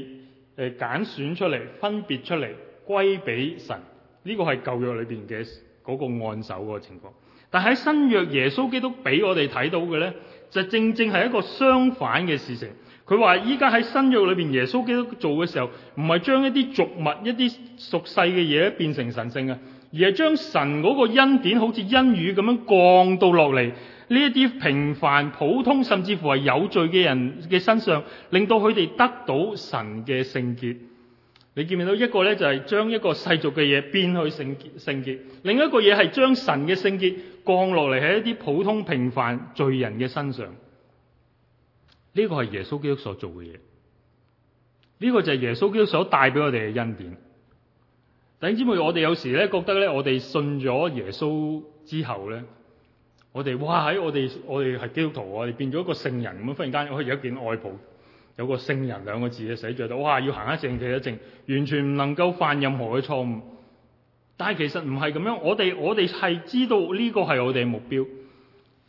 揀、呃、選出嚟，分別出嚟，歸俾神。呢個係舊約裏邊嘅嗰個按手嗰個情況。但喺新約耶穌基督俾我哋睇到嘅咧，就正正係一個相反嘅事情。佢話依家喺新約裏邊耶穌基督做嘅時候，唔係將一啲俗物、一啲俗世嘅嘢咧變成神聖啊。而係將神嗰個恩典，好似恩雨咁樣降到落嚟呢一啲平凡、普通，甚至乎係有罪嘅人嘅身上，令到佢哋得到神嘅聖潔。你見唔見到一個咧，就係、是、將一個世俗嘅嘢變去聖潔聖潔；另一個嘢係將神嘅聖潔降落嚟喺一啲普通、平凡、罪人嘅身上。呢、這個係耶穌基督所做嘅嘢。呢、這個就係耶穌基督所帶俾我哋嘅恩典。弟兄姊妹我哋有時咧，覺得咧，我哋信咗耶穌之後咧，我哋哇喺、哎、我哋我哋係基督徒，我哋變咗一個聖人咁。忽然間我有一件外袍，有個聖人兩個字嘅寫住，度，哇！要行一正，企一正，完全唔能夠犯任何嘅錯誤，但係其實唔係咁樣，我哋我哋係知道呢個係我哋嘅目標，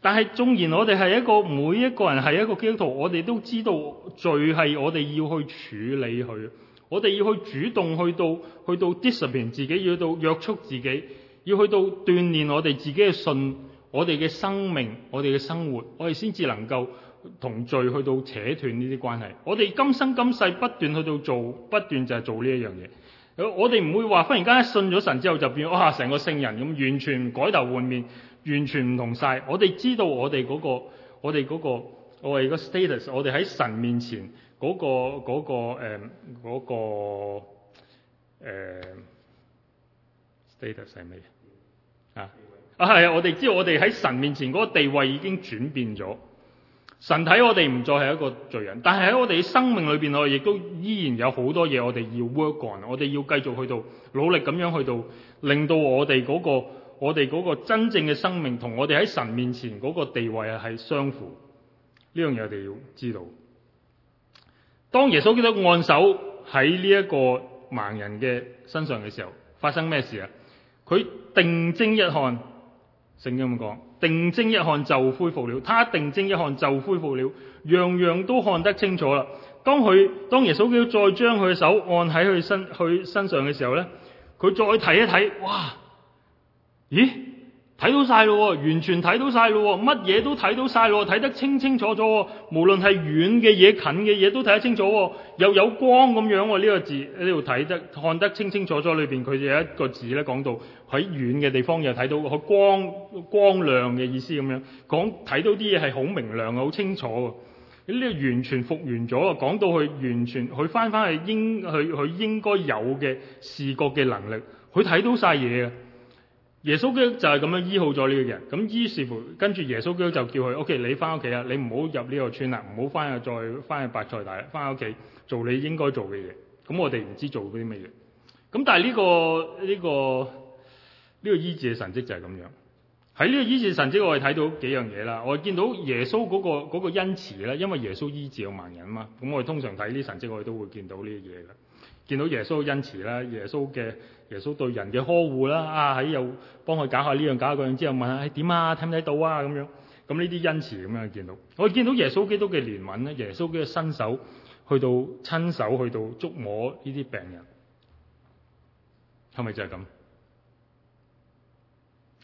但係縱然我哋係一個每一個人係一個基督徒，我哋都知道罪係我哋要去處理佢。我哋要去主動去到去到 discipline 自己，要去到約束自己，要去到鍛鍊我哋自己嘅信，我哋嘅生命，我哋嘅生活，我哋先至能夠同罪去到扯斷呢啲關係。我哋今生今世不斷去到做，不斷就係做呢一樣嘢。我哋唔會話忽然間一信咗神之後就變成哇成個聖人咁，完全改頭換面，完全唔同晒。我哋知道我哋嗰個，我哋嗰個，我哋個 status，我哋喺神面前。嗰、嗰個誒、嗰個誒、嗯嗰個嗯、status 係咩啊？啊係啊！啊，我哋知我哋喺神面前個地位已經轉變咗，神睇我哋唔再係一個罪人，但係喺我哋生命裏邊，我亦都依然有好多嘢我哋要 work on，我哋要繼續去到努力咁樣去到令到我哋、嗰個我哋個真正嘅生命同我哋喺神面前個地位係相符，呢樣嘢，我哋要知道。當耶穌基督按手喺呢一個盲人嘅身上嘅時候，發生咩事啊？佢定睛一看，聖經咁講，定睛一看就恢復了。他定睛一看就恢復了，樣樣都看得清楚啦。當佢當耶穌基督再將佢手按喺佢身佢身上嘅時候咧，佢再睇一睇，哇，咦？睇到晒咯，完全睇到晒咯，乜嘢都睇到晒咯，睇得清清楚楚。無論係遠嘅嘢、近嘅嘢都睇得清楚。又有光咁樣，呢個字呢度睇得看得清清楚楚。裏邊佢有一個字咧，講到喺遠嘅地方又睇到個光光亮嘅意思咁樣講，睇到啲嘢係好明亮好清楚。呢個完全復原咗，講到佢完全，佢翻翻去應佢佢應該有嘅視覺嘅能力，佢睇到晒嘢嘅。耶穌基督就係咁樣醫好咗呢個人，咁於是乎，跟住耶穌基督就叫佢：，OK，你翻屋企啦，你唔好入呢個村啦，唔好翻去再翻去伯賽大，翻屋企做你應該做嘅嘢。咁我哋唔知做啲乜嘢。咁但係呢、這個呢、這個呢、這個這個醫治嘅神跡就係咁樣。喺呢個醫治神跡，我哋睇到幾樣嘢啦。我哋見到耶穌嗰、那個嗰、那個恩慈咧，因為耶穌醫治有盲人啊嘛。咁我哋通常睇呢啲神跡，我哋都會見到呢啲嘢噶。見到耶穌嘅恩慈啦，耶穌嘅。耶穌對人嘅呵護啦，啊喺又幫佢搞下呢、這、樣、個、搞下嗰樣之後，問下誒點、哎、啊睇唔睇到啊咁樣，咁呢啲恩慈咁樣見到，我見到耶穌基督嘅憐憫咧，耶穌嘅伸手去到親手去到觸摸呢啲病人，係咪就係咁？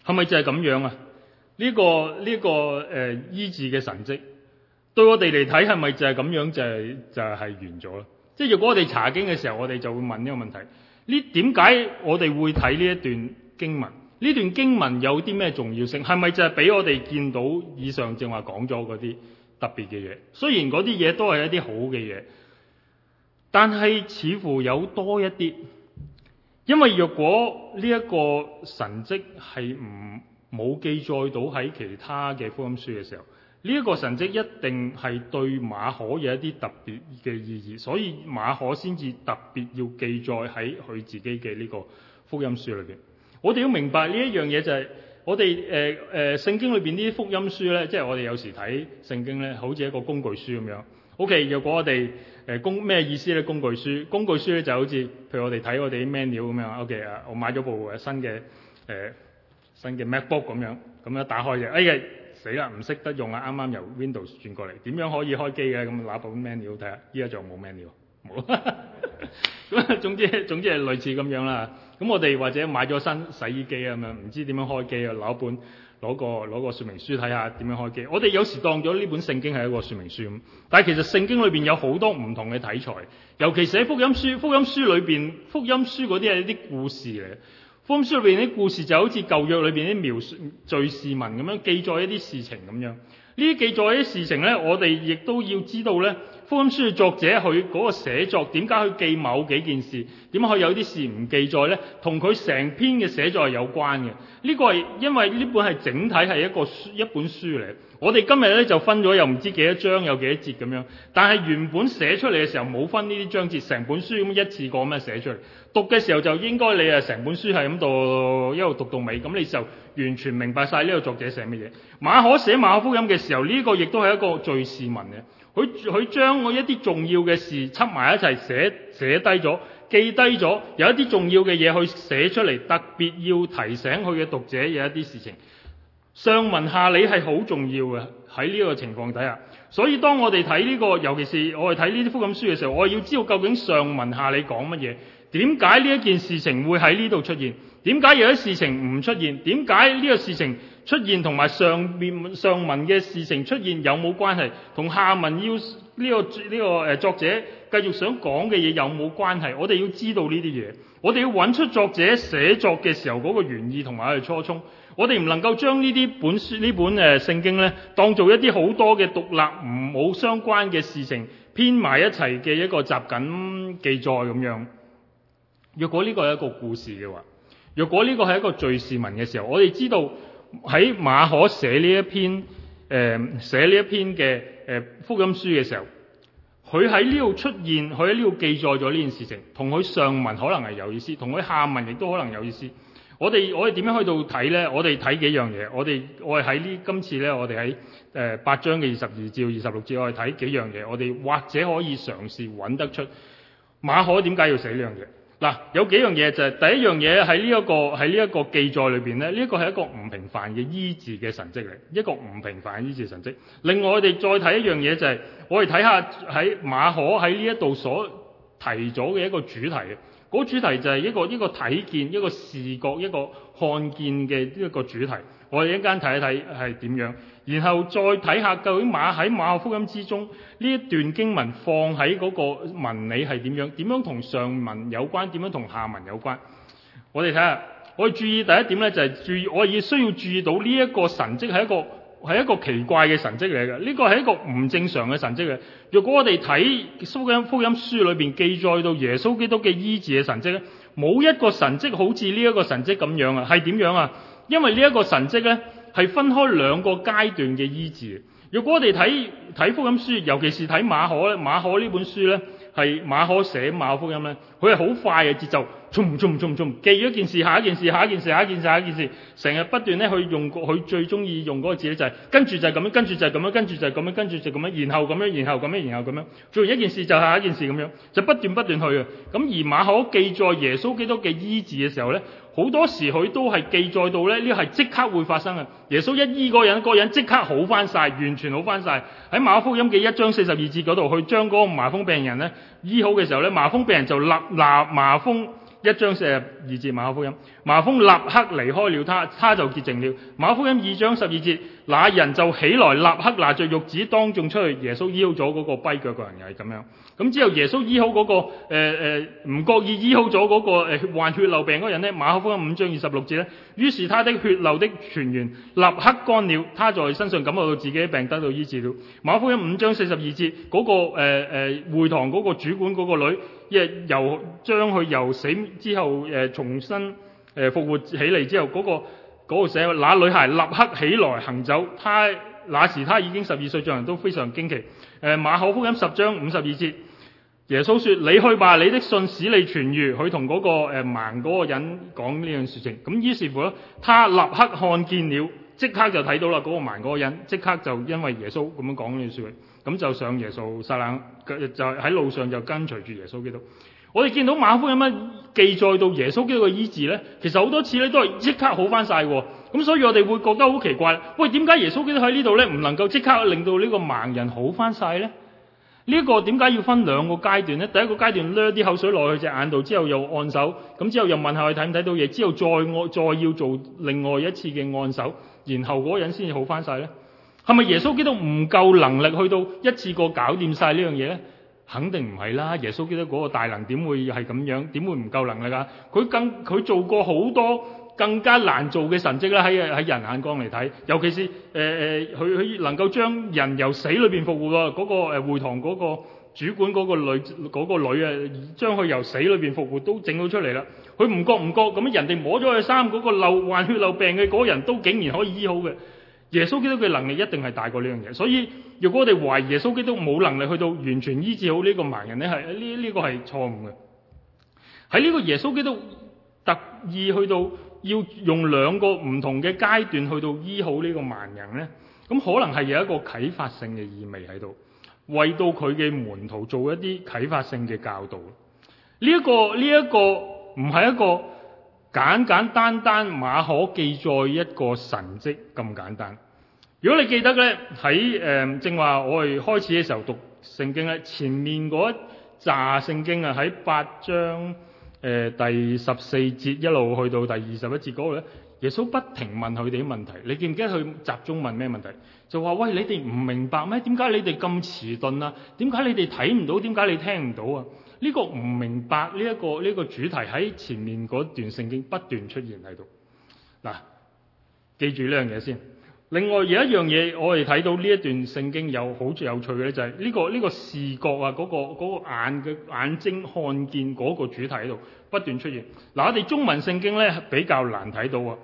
係咪就係咁樣啊？呢、這個呢、這個誒、呃、醫治嘅神跡，對我哋嚟睇，係咪就係咁樣就是、就係、是、完咗咧？即係如果我哋查經嘅時候，我哋就會問呢個問題。呢點解我哋會睇呢一段經文？呢段經文有啲咩重要性？係咪就係俾我哋見到以上正話講咗嗰啲特別嘅嘢？雖然嗰啲嘢都係一啲好嘅嘢，但係似乎有多一啲，因為若果呢一個神跡係唔冇記載到喺其他嘅福音書嘅時候。呢一個神跡一定係對馬可有一啲特別嘅意義，所以馬可先至特別要記載喺佢自己嘅呢個福音書裏邊。我哋要明白呢一樣嘢就係，我哋誒誒聖經裏邊啲福音書咧，即係我哋有時睇聖經咧，好似一個工具書咁樣。O.K. 若果我哋誒、呃、工咩意思咧？工具書，工具書咧就好似譬如我哋睇我哋啲 menu 咁樣。O.K. 啊，我買咗部誒新嘅誒、呃、新嘅 MacBook 咁樣，咁樣一打開嘅，哎呀～死啦！唔識得用啦！啱啱由 Windows 轉過嚟，點樣可以開機嘅？咁拿部 menu 睇下，依家仲有冇 menu 冇啦。咁 總之總之係類似咁樣啦。咁我哋或者買咗新洗衣機啊咁樣，唔知點樣開機啊？攞本攞個攞個說明書睇下點樣開機。我哋有時當咗呢本聖經係一個說明書咁。但係其實聖經裏邊有好多唔同嘅題材，尤其寫福音書，福音書裏邊福音書嗰啲係一啲故事嚟。咁書入邊啲故事就好似舊約裏面啲描述敘事文咁樣記載一啲事情咁樣，呢啲記載一啲事情咧，我哋亦都要知道咧。福音書作者佢嗰個寫作點解去記某幾件事，點解佢有啲事唔記載呢？同佢成篇嘅寫作有關嘅。呢個係因為呢本係整體係一個書一本書嚟。我哋今日咧就分咗又唔知幾多章有幾多節咁樣，但係原本寫出嚟嘅時候冇分呢啲章節，成本書咁一次過咁樣寫出嚟。讀嘅時候就應該你啊，成本書係咁度一路讀到尾，咁你就完全明白晒呢個作者寫乜嘢。馬可寫馬可福音嘅時候，呢個亦都係一個敘事文。嘅。佢佢將我一啲重要嘅事輯埋一齊，寫寫低咗，記低咗，有一啲重要嘅嘢去寫出嚟，特別要提醒佢嘅讀者有一啲事情。上文下理係好重要嘅，喺呢個情況底下，所以當我哋睇呢個，尤其是我哋睇呢啲福音書嘅時候，我要知道究竟上文下理講乜嘢，點解呢一件事情會喺呢度出現，點解有啲事情唔出現，點解呢個事情，出現同埋上面上文嘅事情出現有冇關係？同下文要呢個呢個誒作者繼續想講嘅嘢有冇關係？我哋要知道呢啲嘢，我哋要揾出作者寫作嘅時候嗰個原意同埋佢初衷。我哋唔能夠將呢啲本書本聖呢本誒聖經咧，當做一啲好多嘅獨立唔冇相關嘅事情編埋一齊嘅一個集錦記載咁樣。若果呢個係一個故事嘅話，若果呢個係一個敘事文嘅時候，我哋知道。喺馬可寫呢一篇，誒寫呢一篇嘅誒、呃、福音書嘅時候，佢喺呢度出現，佢喺呢度記載咗呢件事情，同佢上文可能係有意思，同佢下文亦都可能有意思。我哋我哋點樣去到睇咧？我哋睇幾樣嘢。我哋我哋喺呢今次咧，我哋喺誒八章嘅二十二至二十六節，我哋睇幾樣嘢。我哋或者可以嘗試揾得出馬可點解要寫呢樣嘢？嗱，有幾樣嘢就係第一樣嘢喺呢一個喺呢一個記載裏邊咧，呢個係一個唔平凡嘅醫治嘅神跡嚟，一個唔平凡嘅醫治神跡。另外我哋再睇一樣嘢就係我哋睇下喺馬可喺呢一度所提咗嘅一個主題。嗰主題就係一個一個睇見、一個視覺、一個看見嘅一個主題。我哋一陣睇一睇係點樣，然後再睇下究竟馬喺馬可福音之中呢一段經文放喺嗰個文理係點樣？點樣同上文有關？點樣同下文有關？我哋睇下，我哋注意第一點咧，就係注意我哋需要注意到呢一個神蹟係一個。係一個奇怪嘅神蹟嚟嘅，呢、這個係一個唔正常嘅神蹟嘅。如果我哋睇福音福音書裏邊記載到耶穌基督嘅醫治嘅神蹟咧，冇一個神蹟好似呢一個神蹟咁樣啊，係點樣啊？因為呢一個神蹟咧係分開兩個階段嘅醫治。如果我哋睇睇福音書，尤其是睇馬可咧，馬可呢本書咧係馬可寫馬可福音咧，佢係好快嘅節奏。從從從從記咗一件事，下一件事，下一件事，下一件事，下一件事，成日不斷咧去用佢最中意用嗰個字咧，就係、是，跟住就係咁樣，跟住就係咁樣，跟住就係咁樣，跟住就咁樣，然後咁樣，然後咁樣，然後咁樣，樣，做完一件事就是、下一件事咁樣，就不斷不斷去嘅。咁而馬可記載耶穌基督嘅醫治嘅時候咧，好多時佢都係記載到咧呢係即刻會發生嘅。耶穌一醫嗰人，嗰人即刻好返晒，完全好返晒。喺馬可福音嘅一章四十二節嗰度，去將嗰個麻風病人咧醫好嘅時候咧，麻風病人就立立麻風，一章四十二節馬可福音，麻風立刻離開了他，他就潔淨了。馬可福音二章十二節，那人就起來，立刻拿著褥子當眾出去，耶穌邀咗嗰個跛腳個人，又係咁樣。咁之後，耶穌醫好嗰、那個誒唔覺意醫好咗嗰、那個、呃、患血漏病嗰人咧。馬可福音五章二十六節咧，於是他的血漏的源頭立刻乾了，他在身上感覺到自己嘅病得到醫治了。馬可福音五章四十二節，嗰個誒誒、呃、會堂嗰個主管嗰個女，亦由將佢由死之後誒、呃、重新誒、呃、復活起嚟之後，嗰、那個嗰、那個社會那女孩立刻起來行走，他那時他已經十二歲，眾人都非常驚奇。誒、呃、馬可福音十章五十二節。耶穌說：你去吧，你的信使你痊愈。去同嗰個誒、呃、盲嗰個人講呢樣事情。咁於是乎咧，他立刻看見了，即刻就睇到啦，嗰、那個盲嗰個人，即刻就因為耶穌咁樣講呢樣說話，咁就上耶穌撒冷，就喺路上就跟隨住耶穌基督。我哋見到馬可有乜記載到耶穌基督嘅醫治咧？其實好多次咧都係即刻好返晒嘅。咁所以我哋會覺得好奇怪，喂，點解耶穌基督喺呢度咧，唔能夠即刻令到呢個盲人好返晒咧？呢一個點解要分兩個階段咧？第一個階段，攣啲口水落去隻眼度之後，又按手，咁之後又問下佢睇唔睇到嘢，之後再按再要做另外一次嘅按手，然後嗰人先至好翻晒咧。係咪耶穌基督唔夠能力去到一次過搞掂晒呢樣嘢咧？肯定唔係啦。耶穌基督嗰個大能點會係咁樣？點會唔夠能力㗎？佢更佢做過好多更加難做嘅神蹟啦，喺喺人眼光嚟睇，尤其是誒誒，佢、呃、佢能夠將人由死裏邊復活啊！嗰、嗰個誒、呃、會堂嗰個主管嗰個女嗰、嗰個女啊，將佢由死裏邊復活都整到出嚟啦！佢唔覺唔覺咁，人哋摸咗佢衫嗰個患血漏病嘅嗰人，都竟然可以醫好嘅。耶穌基督嘅能力一定係大過呢樣嘢。所以，如果我哋懷疑耶穌基督冇能力去到完全醫治好呢個盲人，呢係呢呢個係、呢個錯誤嘅。喺呢個耶穌基督特意去到要用兩個唔同嘅階段去到醫好呢個盲人呢，咁可能係有一個啟發性嘅意味喺度，為到佢嘅門徒做一啲啟發性嘅教導。呢一個呢一個唔係一個簡簡單單馬可記載一個神蹟咁簡單。如果你記得呢，喺誒，正話我哋開始嘅時候讀聖經咧，前面嗰一紮聖經啊，喺八章。誒，第十四節一路去到第二十一節嗰度咧，耶穌不停問佢哋啲問題。你記唔記得佢集中問咩問題？就話喂，你哋唔明白咩？點解你哋咁遲鈍啊？點解你哋睇唔到？點解你聽唔到啊？呢個唔明白呢一個呢個主題喺前面嗰段聖經不斷出現喺度。嗱，記住呢樣嘢先。另外有一樣嘢，我哋睇到呢一段聖經有好有趣嘅咧，就係呢個呢個視覺啊，嗰個嗰個眼嘅眼睛看見嗰個主題喺度不斷出現。嗱，我哋中文聖經咧比較難睇到啊，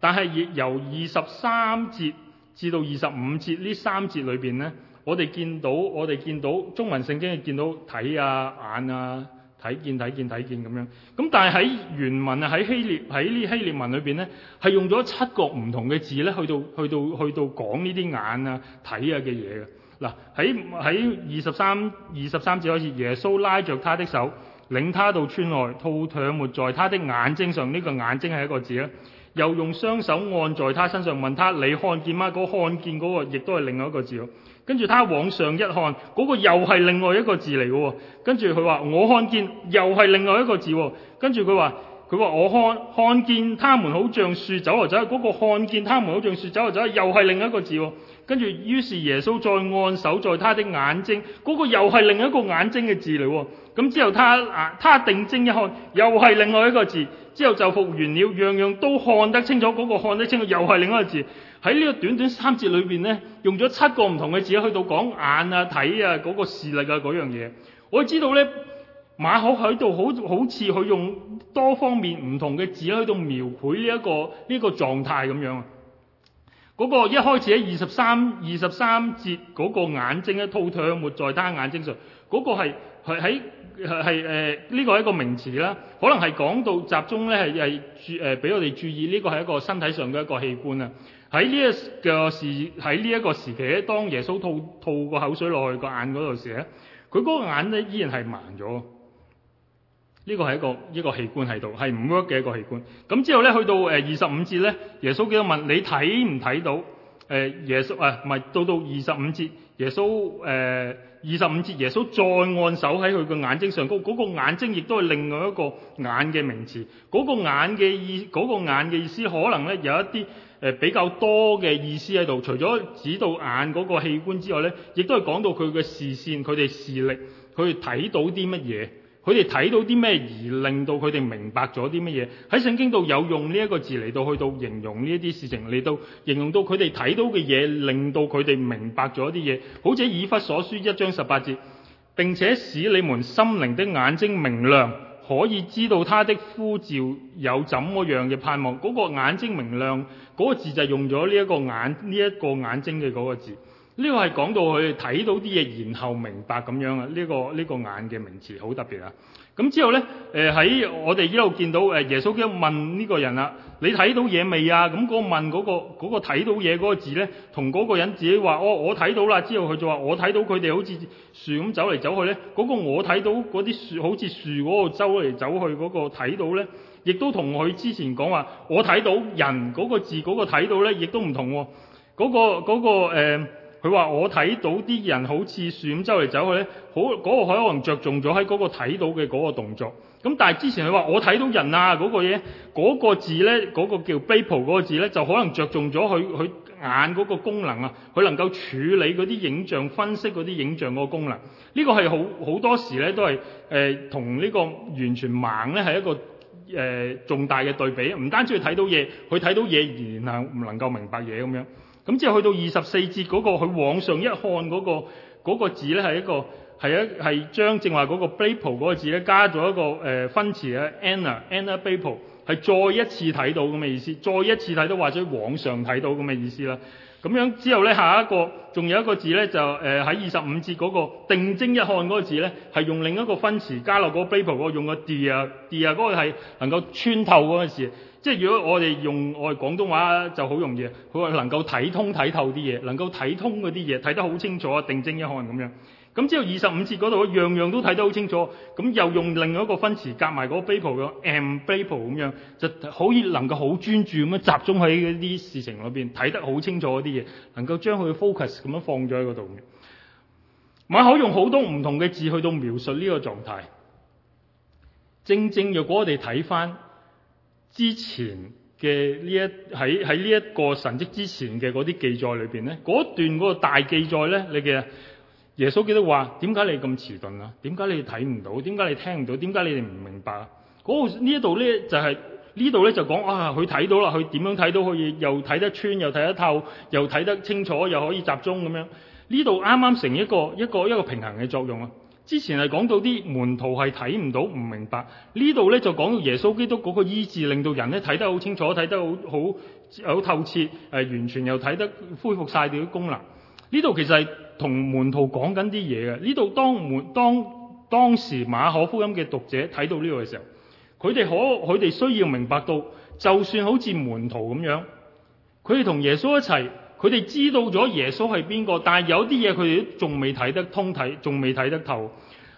但係由二十三節至到二十五節呢三節裏邊咧，我哋見到我哋見到中文聖經係見到睇啊眼啊。睇見睇見睇見咁樣，咁但係喺原文啊，喺希臘喺呢希臘文裏邊咧，係用咗七個唔同嘅字咧，去到去到去到講呢啲眼啊睇啊嘅嘢嘅。嗱喺喺二十三二十三節開始，23, 23 23, 耶穌拉著他的手，領他到村外，吐唾沫在他的眼睛上，呢、這個眼睛係一個字啊，又用雙手按在他身上，問他：你看見嗎？嗰、那個、看見嗰、那個亦都係另外一個字。跟住他往上一看，嗰、那個又係另外一個字嚟嘅、哦。跟住佢話我看見又係另外一個字、哦。跟住佢話佢話我看看見他們好像樹走來走去，嗰、那個看見他們好像樹走來走去又係另一個字、哦。跟住於是耶穌再按手在他的眼睛，嗰、那個又係另一個眼睛嘅字嚟、哦。咁之後他啊，他定睛一看，又係另外一個字。之後就復原了，樣樣都看得清楚。嗰、那個看得清楚又係另外一個字。喺呢個短短三節裏邊咧，用咗七個唔同嘅字去到講眼啊、睇啊嗰、那個視力啊嗰樣嘢。我知道咧，馬可喺度好好似佢用多方面唔同嘅字喺度描繪呢、這、一個呢、這個狀態咁樣啊。嗰、那個一開始喺二十三二十三節嗰個眼睛咧，套上抹在他眼睛上，嗰、那個係喺係誒呢個係一個名詞啦，可能係講到集中咧係係誒俾我哋注意呢、這個係一個身體上嘅一個器官啊。喺呢一個時期咧，當耶穌吐吐個口水落去個眼嗰度時咧，佢嗰個眼咧依然係盲咗。呢個係一個一個器官喺度，係唔 work 嘅一個器官。咁之後咧，去到誒二十五節咧，耶穌基督問你睇唔睇到誒、呃、耶穌啊？咪到到二十五節。耶穌，誒二十五節，耶穌再按手喺佢個眼睛上高，嗰個眼睛亦都係另外一個眼嘅名詞。嗰個眼嘅意，嗰個眼嘅意思可能咧有一啲誒比較多嘅意思喺度，除咗指到眼嗰個器官之外咧，亦都係講到佢嘅視線、佢哋視力、佢睇到啲乜嘢。佢哋睇到啲咩而令到佢哋明白咗啲乜嘢？喺聖經度有用呢一個字嚟到去到形容呢一啲事情，嚟到形容到佢哋睇到嘅嘢，令到佢哋明白咗啲嘢。好似以弗所書一章十八節，並且使你們心靈的眼睛明亮，可以知道他的呼召有怎麼樣嘅盼望。嗰個眼睛明亮嗰個字就用咗呢一個眼呢一個眼睛嘅嗰個字。呢個係講到佢睇到啲嘢，然後明白咁樣、這個這個、啊！呢個呢個眼嘅名詞好特別啊。咁之後呢，誒、呃、喺我哋一路見到誒耶穌噉問呢個人啊：「你睇到嘢未啊？咁、那、嗰、個、問嗰、那個睇、那個、到嘢嗰個字呢，同嗰個人自己話，哦，我睇到啦。之後佢就話：我睇到佢哋好似樹咁走嚟走去呢。那」嗰個我睇到嗰啲樹好似樹嗰個走嚟走去嗰個睇到呢，亦都同佢之前講話我睇到人嗰、那個字嗰、那個睇到呢，亦都唔同喎、啊。嗰、那個、那個呃佢話：我睇到啲人好似樹咁走嚟走去咧，好嗰、那個海可能著重咗喺嗰個睇到嘅嗰個動作。咁但係之前佢話我睇到人啊，嗰、那個嘢嗰、那個字咧，嗰、那個叫 blepo 嗰個字咧，就可能着重咗佢佢眼嗰個功能啊，佢能夠處理嗰啲影像、分析嗰啲影像嗰個功能。呢、這個係好好多時咧，都係誒同呢個完全盲咧係一個誒、呃、重大嘅對比，唔單止係睇到嘢，佢睇到嘢而唔能夠明白嘢咁樣。咁之後去到二十四節嗰、那個，佢往上一看嗰、那個嗰、那個字咧，係一個係一係將正話，嗰個，個 Babel 嗰個字咧，加咗一個誒、呃、分詞咧，Anna Anna Babel，係再一次睇到咁嘅意思，再一次睇到或者往上睇到咁嘅意思啦。咁樣之後咧，下一個仲有一個字咧，就誒喺二十五節嗰個定睛一看嗰個字咧，係用另一個分詞加落嗰、嗰個 bible、嗰個用、嗰個 d 啊 d 啊嗰個係能夠穿透嗰個字，即係如果我哋用我哋廣東話就好容易，佢話能夠睇通睇透啲嘢，能夠睇通嗰啲嘢睇得好清楚啊，定睛一看咁樣。咁之後二十五節嗰度，樣樣都睇得好清楚。咁又用另一個分詞夾埋嗰個 bable 嘅 m bable 咁樣，就好似能夠好專注咁樣集中喺嗰啲事情裏邊，睇得好清楚嗰啲嘢，能夠將佢 focus 咁樣放咗喺嗰度嘅。咪可用好多唔同嘅字去到描述呢個狀態。正正若果我哋睇翻之前嘅呢一喺喺呢一個神蹟之前嘅嗰啲記載裏邊咧，嗰段嗰個大記載咧，你嘅。耶穌基督話：點解你咁遲鈍啊？點解你睇唔到？點解你聽唔到？點解你哋唔明白啊？嗰呢度咧就係呢度咧就講啊，佢睇到啦，佢點樣睇到可以又睇得穿，又睇得透，又睇得清楚，又可以集中咁樣。呢度啱啱成一個一個一個平衡嘅作用啊！之前係講到啲門徒係睇唔到、唔明白，呢度咧就講耶穌基督嗰個醫治，令到人咧睇得好清楚、睇得好好好透徹，誒、呃、完全又睇得恢復晒啲功能。呢度其實係。同門徒講緊啲嘢嘅呢度，當門當當時馬可福音嘅讀者睇到呢個嘅時候，佢哋可佢哋需要明白到，就算好似門徒咁樣，佢哋同耶穌一齊，佢哋知道咗耶穌係邊個，但係有啲嘢佢哋仲未睇得通，睇，仲未睇得透。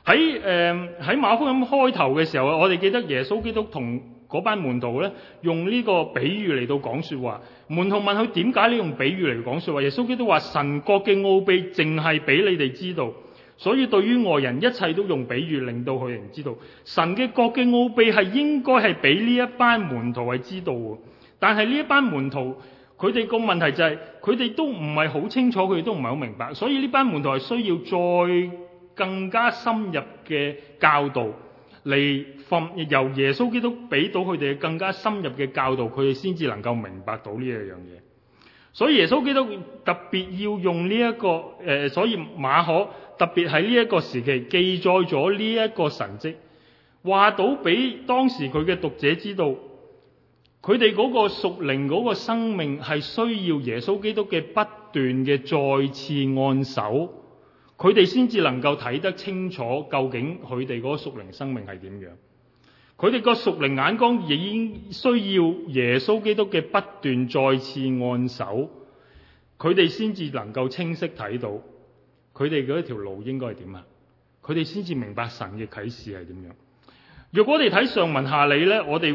喺誒喺馬可福音開頭嘅時候啊，我哋記得耶穌基督同。嗰班門徒咧，用呢個比喻嚟到講說話。門徒問佢點解你用比喻嚟講說話？耶穌基督都話：神國嘅奧秘淨係俾你哋知道，所以對於外人，一切都用比喻令到佢哋唔知道。神嘅國嘅奧秘係應該係俾呢一班門徒係知道嘅。但係呢一班門徒，佢哋個問題就係、是，佢哋都唔係好清楚，佢哋都唔係好明白。所以呢班門徒係需要再更加深入嘅教導嚟。由耶穌基督俾到佢哋更加深入嘅教導，佢哋先至能夠明白到呢一樣嘢。所以耶穌基督特別要用呢、這、一個誒、呃，所以馬可特別喺呢一個時期記載咗呢一個神蹟，話到俾當時佢嘅讀者知道，佢哋嗰個屬靈嗰個生命係需要耶穌基督嘅不斷嘅再次按手，佢哋先至能夠睇得清楚究竟佢哋嗰個屬靈生命係點樣。佢哋個屬靈眼光已經需要耶穌基督嘅不斷再次按手，佢哋先至能夠清晰睇到佢哋嗰一條路應該係點啊！佢哋先至明白神嘅啟示係點樣。若果你睇上文下理咧，我哋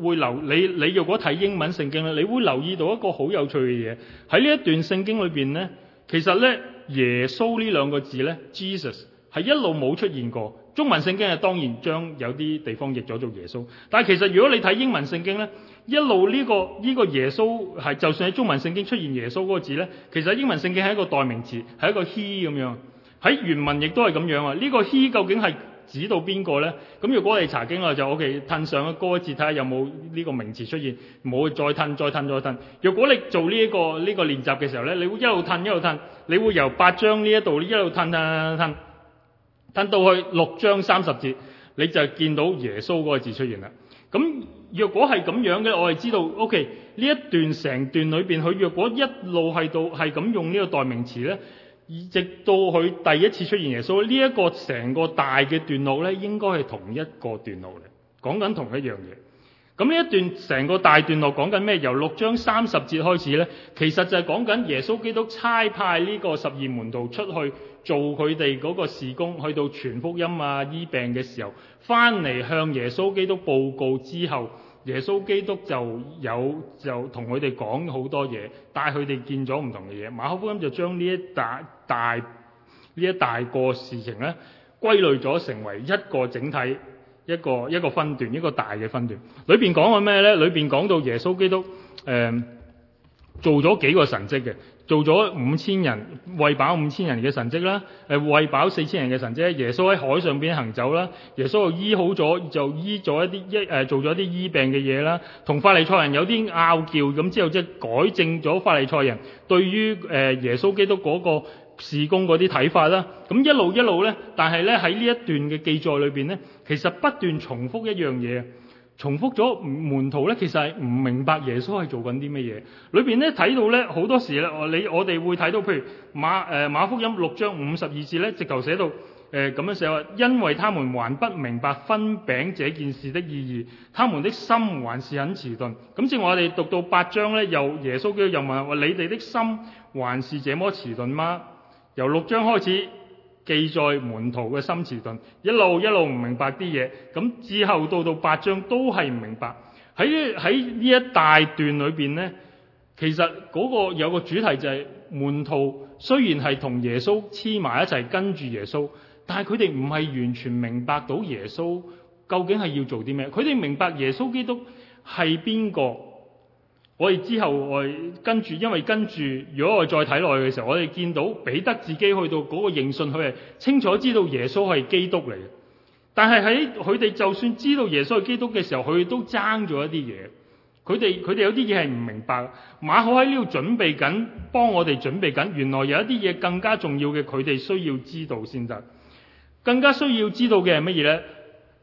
會留你。你若果睇英文聖經咧，你會留意到一個好有趣嘅嘢喺呢一段聖經裏邊咧。其實咧耶穌呢兩個字咧 Jesus 係一路冇出現過。中文聖經係當然將有啲地方譯咗做耶穌，但係其實如果你睇英文聖經咧，一路呢、這個呢、這個耶穌係就算喺中文聖經出現耶穌嗰個字咧，其實英文聖經係一個代名詞，係一個 He」咁樣，喺原文亦都係咁樣啊！呢、這個 He」究竟係指到邊個咧？咁如果你查經啊，就 O K，褪上一嗰字睇下有冇呢個名詞出現，冇再褪，再褪，再褪。若果你做呢、這、一個呢、這個練習嘅時候咧，你會一路褪一路褪，你會由八章呢一度一路褪褪褪褪。但到去六章三十節，你就見到耶穌嗰個字出現啦。咁若果係咁樣嘅，我係知道，OK 呢一段成段裏邊，佢若果一路係到係咁用呢個代名詞咧，直到佢第一次出現耶穌，呢一個成個大嘅段落咧，應該係同一個段落嚟，講緊同一樣嘢。咁呢一段成個大段落講緊咩？由六章三十節開始咧，其實就係講緊耶穌基督差派呢個十二門徒出去。做佢哋嗰個事工，去到傳福音啊、醫病嘅時候，翻嚟向耶穌基督報告之後，耶穌基督就有就同佢哋講好多嘢，帶佢哋見咗唔同嘅嘢。馬可福音就將呢一大大呢一大個事情咧，歸類咗成為一個整體，一個一個分段，一個大嘅分段。裏邊講緊咩咧？裏邊講到耶穌基督誒。呃做咗幾個神蹟嘅，做咗五千人餵飽五千人嘅神蹟啦，誒餵飽四千人嘅神蹟，耶穌喺海上邊行走啦，耶穌又醫好咗，就醫咗一啲、呃、一誒做咗一啲醫病嘅嘢啦，同法利賽人有啲拗撬咁之後，即係改正咗法利賽人對於誒、呃、耶穌基督嗰個事工嗰啲睇法啦。咁一路一路咧，但係咧喺呢一段嘅記載裏邊咧，其實不斷重複一樣嘢。重複咗門徒咧，其實係唔明白耶穌係做緊啲乜嘢。裏邊咧睇到咧好多時咧，你我哋會睇到，譬如馬誒、呃、馬福音六章五十二節咧，直頭寫到誒咁、呃、樣寫話，因為他們還不明白分餅這件事的意義，他們的心還是很遲鈍。咁正如我哋讀到八章咧，又耶穌嘅又問話：，你哋的心還是這麼遲鈍嗎？由六章開始。記載門徒嘅心遲鈍，一路一路唔明白啲嘢，咁之後到到八章都係唔明白。喺喺呢一大段裏邊咧，其實嗰個有個主題就係門徒雖然係同耶穌黐埋一齊跟住耶穌，但係佢哋唔係完全明白到耶穌究竟係要做啲咩。佢哋明白耶穌基督係邊個？我哋之後我跟住，因為跟住，如果我再睇落去嘅時候，我哋見到彼得自己去到嗰個認信，佢係清楚知道耶穌係基督嚟嘅。但係喺佢哋就算知道耶穌係基督嘅時候，佢哋都爭咗一啲嘢。佢哋佢哋有啲嘢係唔明白，馬可喺呢度準備緊，幫我哋準備緊。原來有一啲嘢更加重要嘅，佢哋需要知道先得。更加需要知道嘅係乜嘢咧？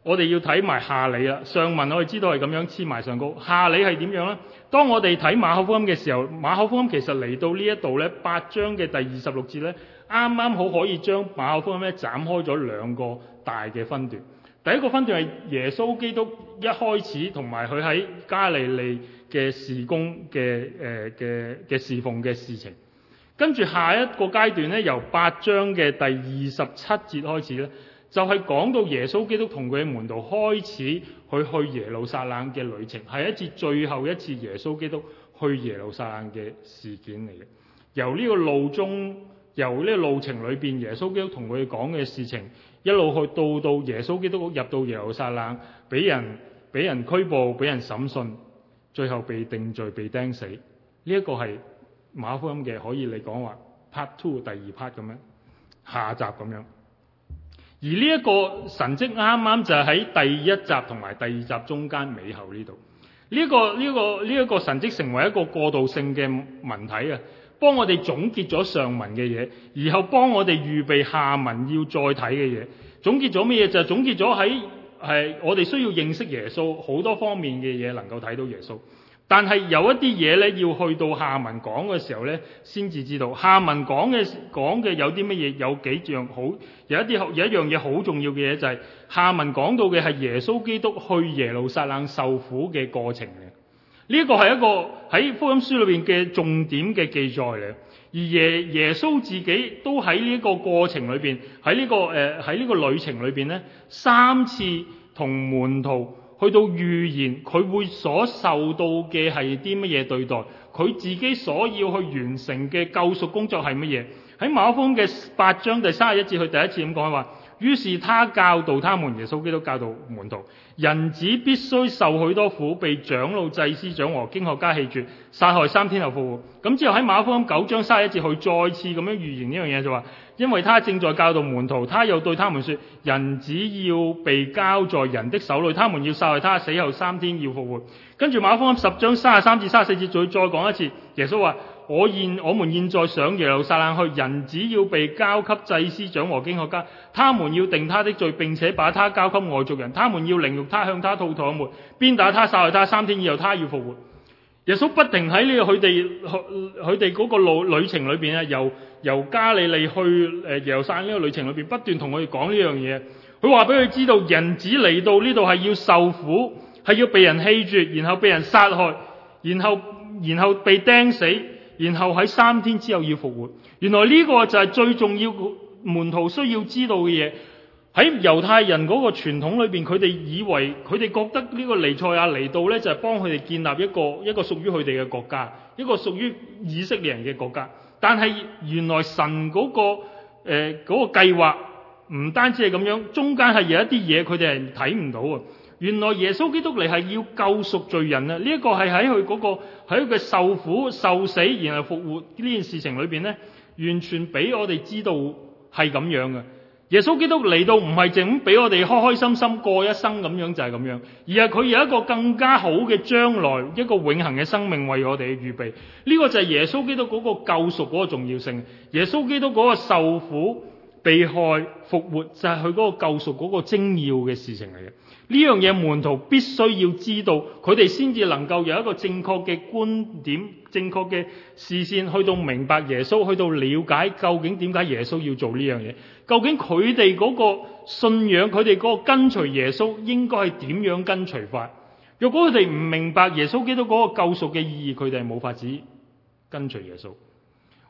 我哋要睇埋下理啦，上文我哋知道係咁樣黐埋上高，下理係點樣呢？當我哋睇馬可福音嘅時候，馬可福音，可福音其實嚟到呢一度呢，八章嘅第二十六節呢，啱啱好可以將馬可福音咧斬開咗兩個大嘅分段。第一個分段係耶穌基督一開始同埋佢喺加利利嘅事工嘅誒嘅嘅侍奉嘅事情，跟住下一個階段呢，由八章嘅第二十七節開始咧。就係講到耶穌基督同佢嘅門徒開始去去耶路撒冷嘅旅程，係一次最後一次耶穌基督去耶路撒冷嘅事件嚟嘅。由呢個路中，由呢個路程裏邊，耶穌基督同佢講嘅事情，一路去到到耶穌基督入到耶路撒冷，俾人俾人拘捕，俾人審訊，最後被定罪，被釘死。呢、這、一個係馬可福音嘅，可以你講話 part two 第二 part 咁樣下集咁樣。而呢一個神蹟啱啱就喺第一集同埋第二集中間尾後，呢度，呢個呢個呢一個神蹟成為一個過渡性嘅文體啊，幫我哋總結咗上文嘅嘢，然後幫我哋預備下文要再睇嘅嘢。總結咗咩嘢？就係總結咗喺係我哋需要認識耶穌好多方面嘅嘢，能夠睇到耶穌。但係有一啲嘢咧，要去到下文講嘅時候咧，先至知道下文講嘅講嘅有啲乜嘢，有幾樣好。有一啲有一樣嘢好重要嘅嘢就係、是、下文講到嘅係耶穌基督去耶路撒冷受苦嘅過程嘅。呢、這個、一個係一個喺福音書裏邊嘅重點嘅記載嚟。而耶耶穌自己都喺呢個過程裏邊，喺呢、這個誒喺呢個旅程裏邊咧，三次同門徒。去到預言，佢會所受到嘅係啲乜嘢對待？佢自己所要去完成嘅救贖工作係乜嘢？喺馬可福音嘅八章第三十一節，佢第一次咁講嘅話。於是他教導他們，耶穌基督教導門徒：人子必須受許多苦，被長老、祭司長和經學家棄絕，殺害三天後復活。咁之後喺馬可福音九章三一節，佢再次咁樣預言呢樣嘢，就話：因為他正在教導門徒，他又對他們説：人子要被交在人的手裏，他們要殺害他，死後三天要復活。跟住馬可福音十章三十三至三十四節，再再講一次，耶穌話。我現我們現在上耶路撒冷去，人子要被交給祭司長和經學家，他們要定他的罪，並且把他交給外族人，他們要凌辱他，向他吐唾沫，鞭打他，殺害他。三天以後，他要復活。耶穌不停喺呢個佢哋佢哋嗰個路旅程裏邊啊，由由加利利去誒耶路撒冷呢個旅程裏邊，不斷同佢哋講呢樣嘢。佢話俾佢知道，人子嚟到呢度係要受苦，係要被人棄絕，然後被人殺害，然後然後被釘死。然後喺三天之後要復活，原來呢個就係最重要門徒需要知道嘅嘢。喺猶太人嗰個傳統裏邊，佢哋以為佢哋覺得呢個彌賽亞嚟到咧就係、是、幫佢哋建立一個一個屬於佢哋嘅國家，一個屬於以色列人嘅國家。但係原來神嗰、那個誒嗰、呃那個計劃唔單止係咁樣，中間係有一啲嘢佢哋係睇唔到啊。原來耶穌基督嚟係要救贖罪人啊！呢一個係喺佢嗰個喺佢受苦受死然後復活呢件事情裏邊咧，完全俾我哋知道係咁樣嘅。耶穌基督嚟到唔係淨俾我哋開開心心過一生咁樣就係咁樣，而係佢有一個更加好嘅將來，一個永恆嘅生命為我哋預備。呢個就係耶穌基督嗰個救贖嗰個重要性。耶穌基督嗰個受苦、被害、復活就係佢嗰個救贖嗰個精要嘅事情嚟嘅。呢樣嘢門徒必須要知道，佢哋先至能夠有一個正確嘅觀點、正確嘅視線，去到明白耶穌，去到了解究竟點解耶穌要做呢樣嘢，究竟佢哋嗰個信仰、佢哋嗰個跟隨耶穌應該係點樣跟隨法。若果佢哋唔明白耶穌基督嗰個救贖嘅意義，佢哋係冇法子跟隨耶穌。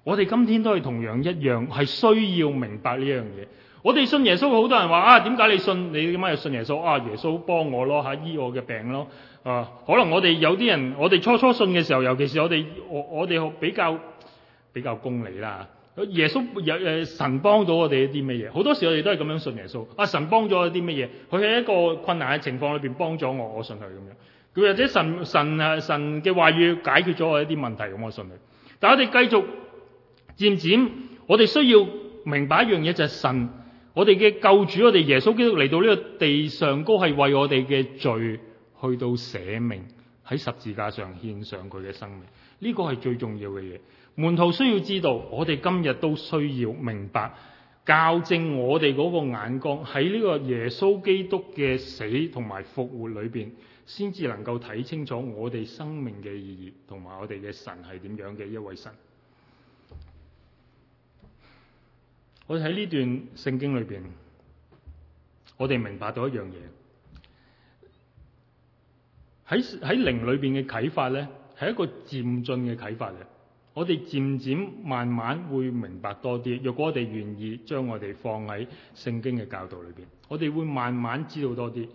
我哋今天都係同樣一樣，係需要明白呢樣嘢。我哋信耶穌，好多人話啊，點解你信？你點解又信耶穌啊？耶穌幫我咯，吓醫我嘅病咯，啊，可能我哋有啲人，我哋初初信嘅時候，尤其是我哋，我我哋比較比較功利啦。耶穌有誒神幫到我哋一啲乜嘢？好多時我哋都係咁樣信耶穌啊，神幫咗一啲乜嘢？佢喺一個困難嘅情況裏邊幫咗我，我信佢咁樣。佢或者神神誒神嘅話語解決咗我一啲問題咁，我信佢。但我哋繼續漸漸，我哋需要明白一樣嘢就係神。我哋嘅救主，我哋耶穌基督嚟到呢個地上高，係為我哋嘅罪去到捨命喺十字架上獻上佢嘅生命，呢個係最重要嘅嘢。門徒需要知道，我哋今日都需要明白校正我哋嗰個眼光喺呢個耶穌基督嘅死同埋復活裏邊，先至能夠睇清楚我哋生命嘅意義同埋我哋嘅神係點樣嘅一位神。我喺呢段聖經裏邊，我哋明白到一樣嘢，喺喺靈裏邊嘅啟發咧，係一個漸進嘅啟發嘅。我哋漸漸慢慢會明白多啲。若果我哋願意將我哋放喺聖經嘅教導裏邊，我哋會慢慢知道多啲。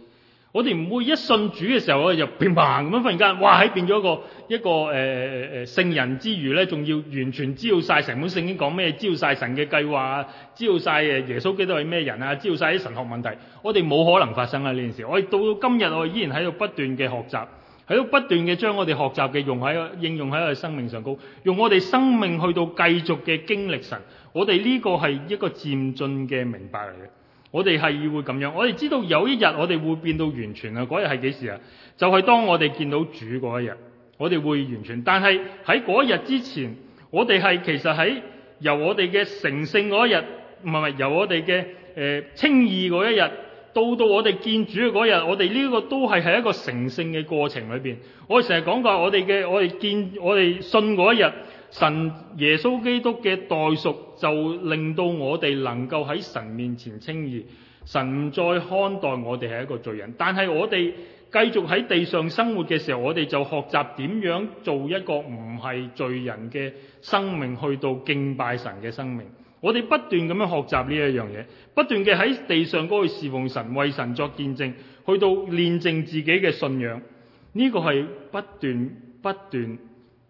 我哋唔會一信主嘅時候，我就砰砰咁樣，忽然間，哇，喺變咗一個一個誒誒、呃、聖人之餘咧，仲要完全知道晒成本聖經講咩，知道晒神嘅計劃，知道晒誒耶穌基督係咩人啊，知道晒啲神學問題。我哋冇可能發生啦呢件事。我哋到到今日，我哋依然喺度不斷嘅學習，喺度不斷嘅將我哋學習嘅用喺應用喺我哋生命上高，用我哋生命去到繼續嘅經歷神。我哋呢個係一個漸進嘅明白嚟嘅。我哋係會咁樣，我哋知道有一日我哋會變到完全啊！嗰日係幾時啊？就係當我哋見到主嗰一日，我哋會完全。但係喺嗰一日之前，我哋係其實喺由我哋嘅成聖嗰一日，唔係唔係由我哋嘅誒稱義嗰一日，到到我哋見主嘅嗰日，我哋呢個都係喺一個成聖嘅過程裏邊。我成日講過，我哋嘅我哋見我哋信嗰一日。神耶穌基督嘅代贖就令到我哋能夠喺神面前稱義，神唔再看待我哋係一個罪人。但係我哋繼續喺地上生活嘅時候，我哋就學習點樣做一個唔係罪人嘅生命，去到敬拜神嘅生命。我哋不斷咁樣學習呢一樣嘢，不斷嘅喺地上嗰度去侍奉神，為神作見證，去到練證自己嘅信仰。呢、呢個係不斷不斷。不斷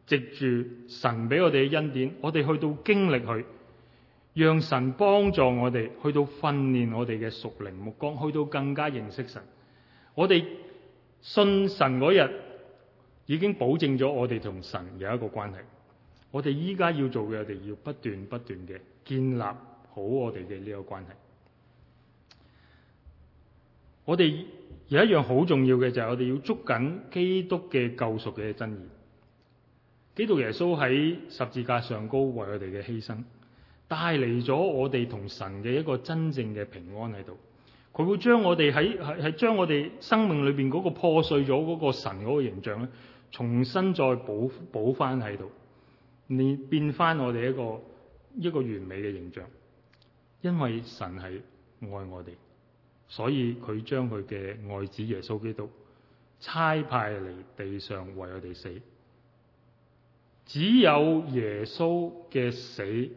藉住神俾我哋嘅恩典，我哋去到經歷佢，讓神幫助我哋，去到訓練我哋嘅屬靈目光，去到更加認識神。我哋信神嗰日已經保證咗我哋同神有一個關係。我哋依家要做嘅，我哋要不斷不斷嘅建立好我哋嘅呢個關係。我哋有一樣好重要嘅就係、是、我哋要捉緊基督嘅救贖嘅真義。基督耶穌喺十字架上高為我哋嘅犧牲，帶嚟咗我哋同神嘅一個真正嘅平安喺度。佢會將我哋喺喺將我哋生命裏邊嗰個破碎咗嗰個神嗰個形象咧，重新再補補翻喺度，你變翻我哋一個一個完美嘅形象。因為神係愛我哋，所以佢將佢嘅愛子耶穌基督差派嚟地上為我哋死。只有耶穌嘅死，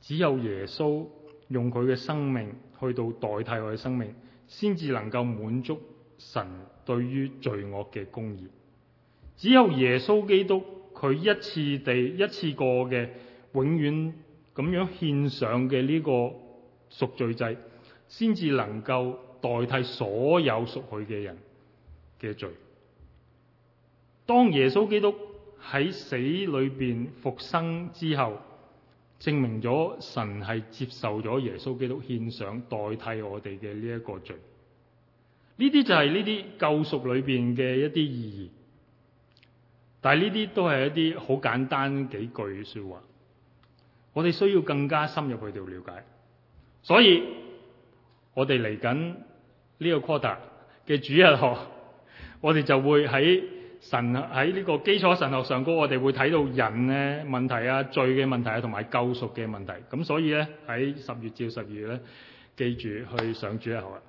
只有耶穌用佢嘅生命去到代替我嘅生命，先至能夠滿足神對於罪惡嘅公義。只有耶穌基督佢一次地一次過嘅永遠咁樣獻上嘅呢個贖罪祭，先至能夠代替所有屬佢嘅人嘅罪。當耶穌基督。喺死裏邊復生之後，證明咗神係接受咗耶穌基督獻上代替我哋嘅呢一個罪。呢啲就係呢啲救贖裏邊嘅一啲意義。但係呢啲都係一啲好簡單幾句說話。我哋需要更加深入去度了解。所以，我哋嚟緊呢個 quarter 嘅主日學，我哋就會喺。神喺呢個基礎神學上高，我哋會睇到人嘅問題啊、罪嘅問題啊，同埋救贖嘅問題。咁所以咧，喺十月至十二月咧，記住去上主日學啊。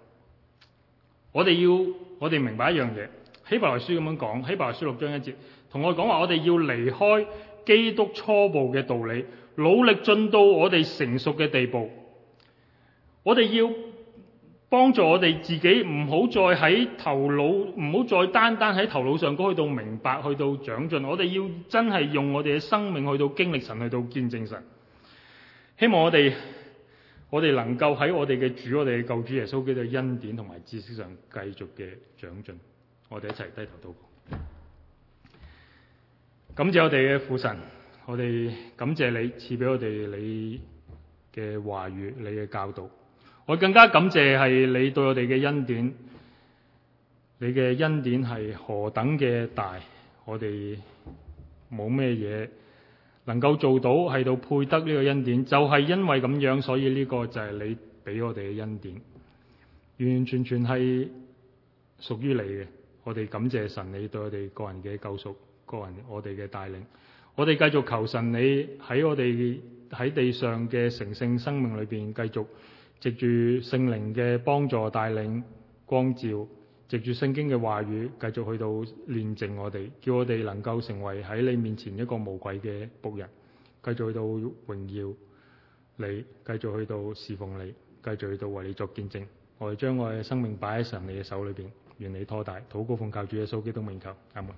我哋要我哋明白一樣嘢，《希伯來書》咁樣講，《希伯來書》六章一節，同我講話，我哋要離開基督初步嘅道理，努力進到我哋成熟嘅地步。我哋要。幫助我哋自己唔好再喺頭腦，唔好再單單喺頭腦上，去到明白，去到長進。我哋要真係用我哋嘅生命去到經歷神，去到見證神。希望我哋，我哋能夠喺我哋嘅主，我哋嘅救主耶穌基督嘅恩典同埋知識上，繼續嘅長進。我哋一齊低頭禱告，感謝我哋嘅父神，我哋感謝你賜俾我哋你嘅話語，你嘅教導。我更加感謝係你對我哋嘅恩典，你嘅恩典係何等嘅大。我哋冇咩嘢能夠做到喺度配得呢個恩典，就係因為咁樣，所以呢個就係你俾我哋嘅恩典，完完全全係屬於你嘅。我哋感謝神，你對我哋個人嘅救贖、個人我哋嘅帶領，我哋繼續求神，你喺我哋喺地上嘅成聖生命裏邊繼續。藉住聖靈嘅幫助帶領光照，藉住聖經嘅話語，繼續去到煉淨我哋，叫我哋能夠成為喺你面前一個無愧嘅僕人，繼續去到榮耀你，繼續去到侍奉你，繼續去到為你作見證。我哋將我嘅生命擺喺神你嘅手裏邊，願你拖大，禱告奉靠主耶穌基督名求，阿門。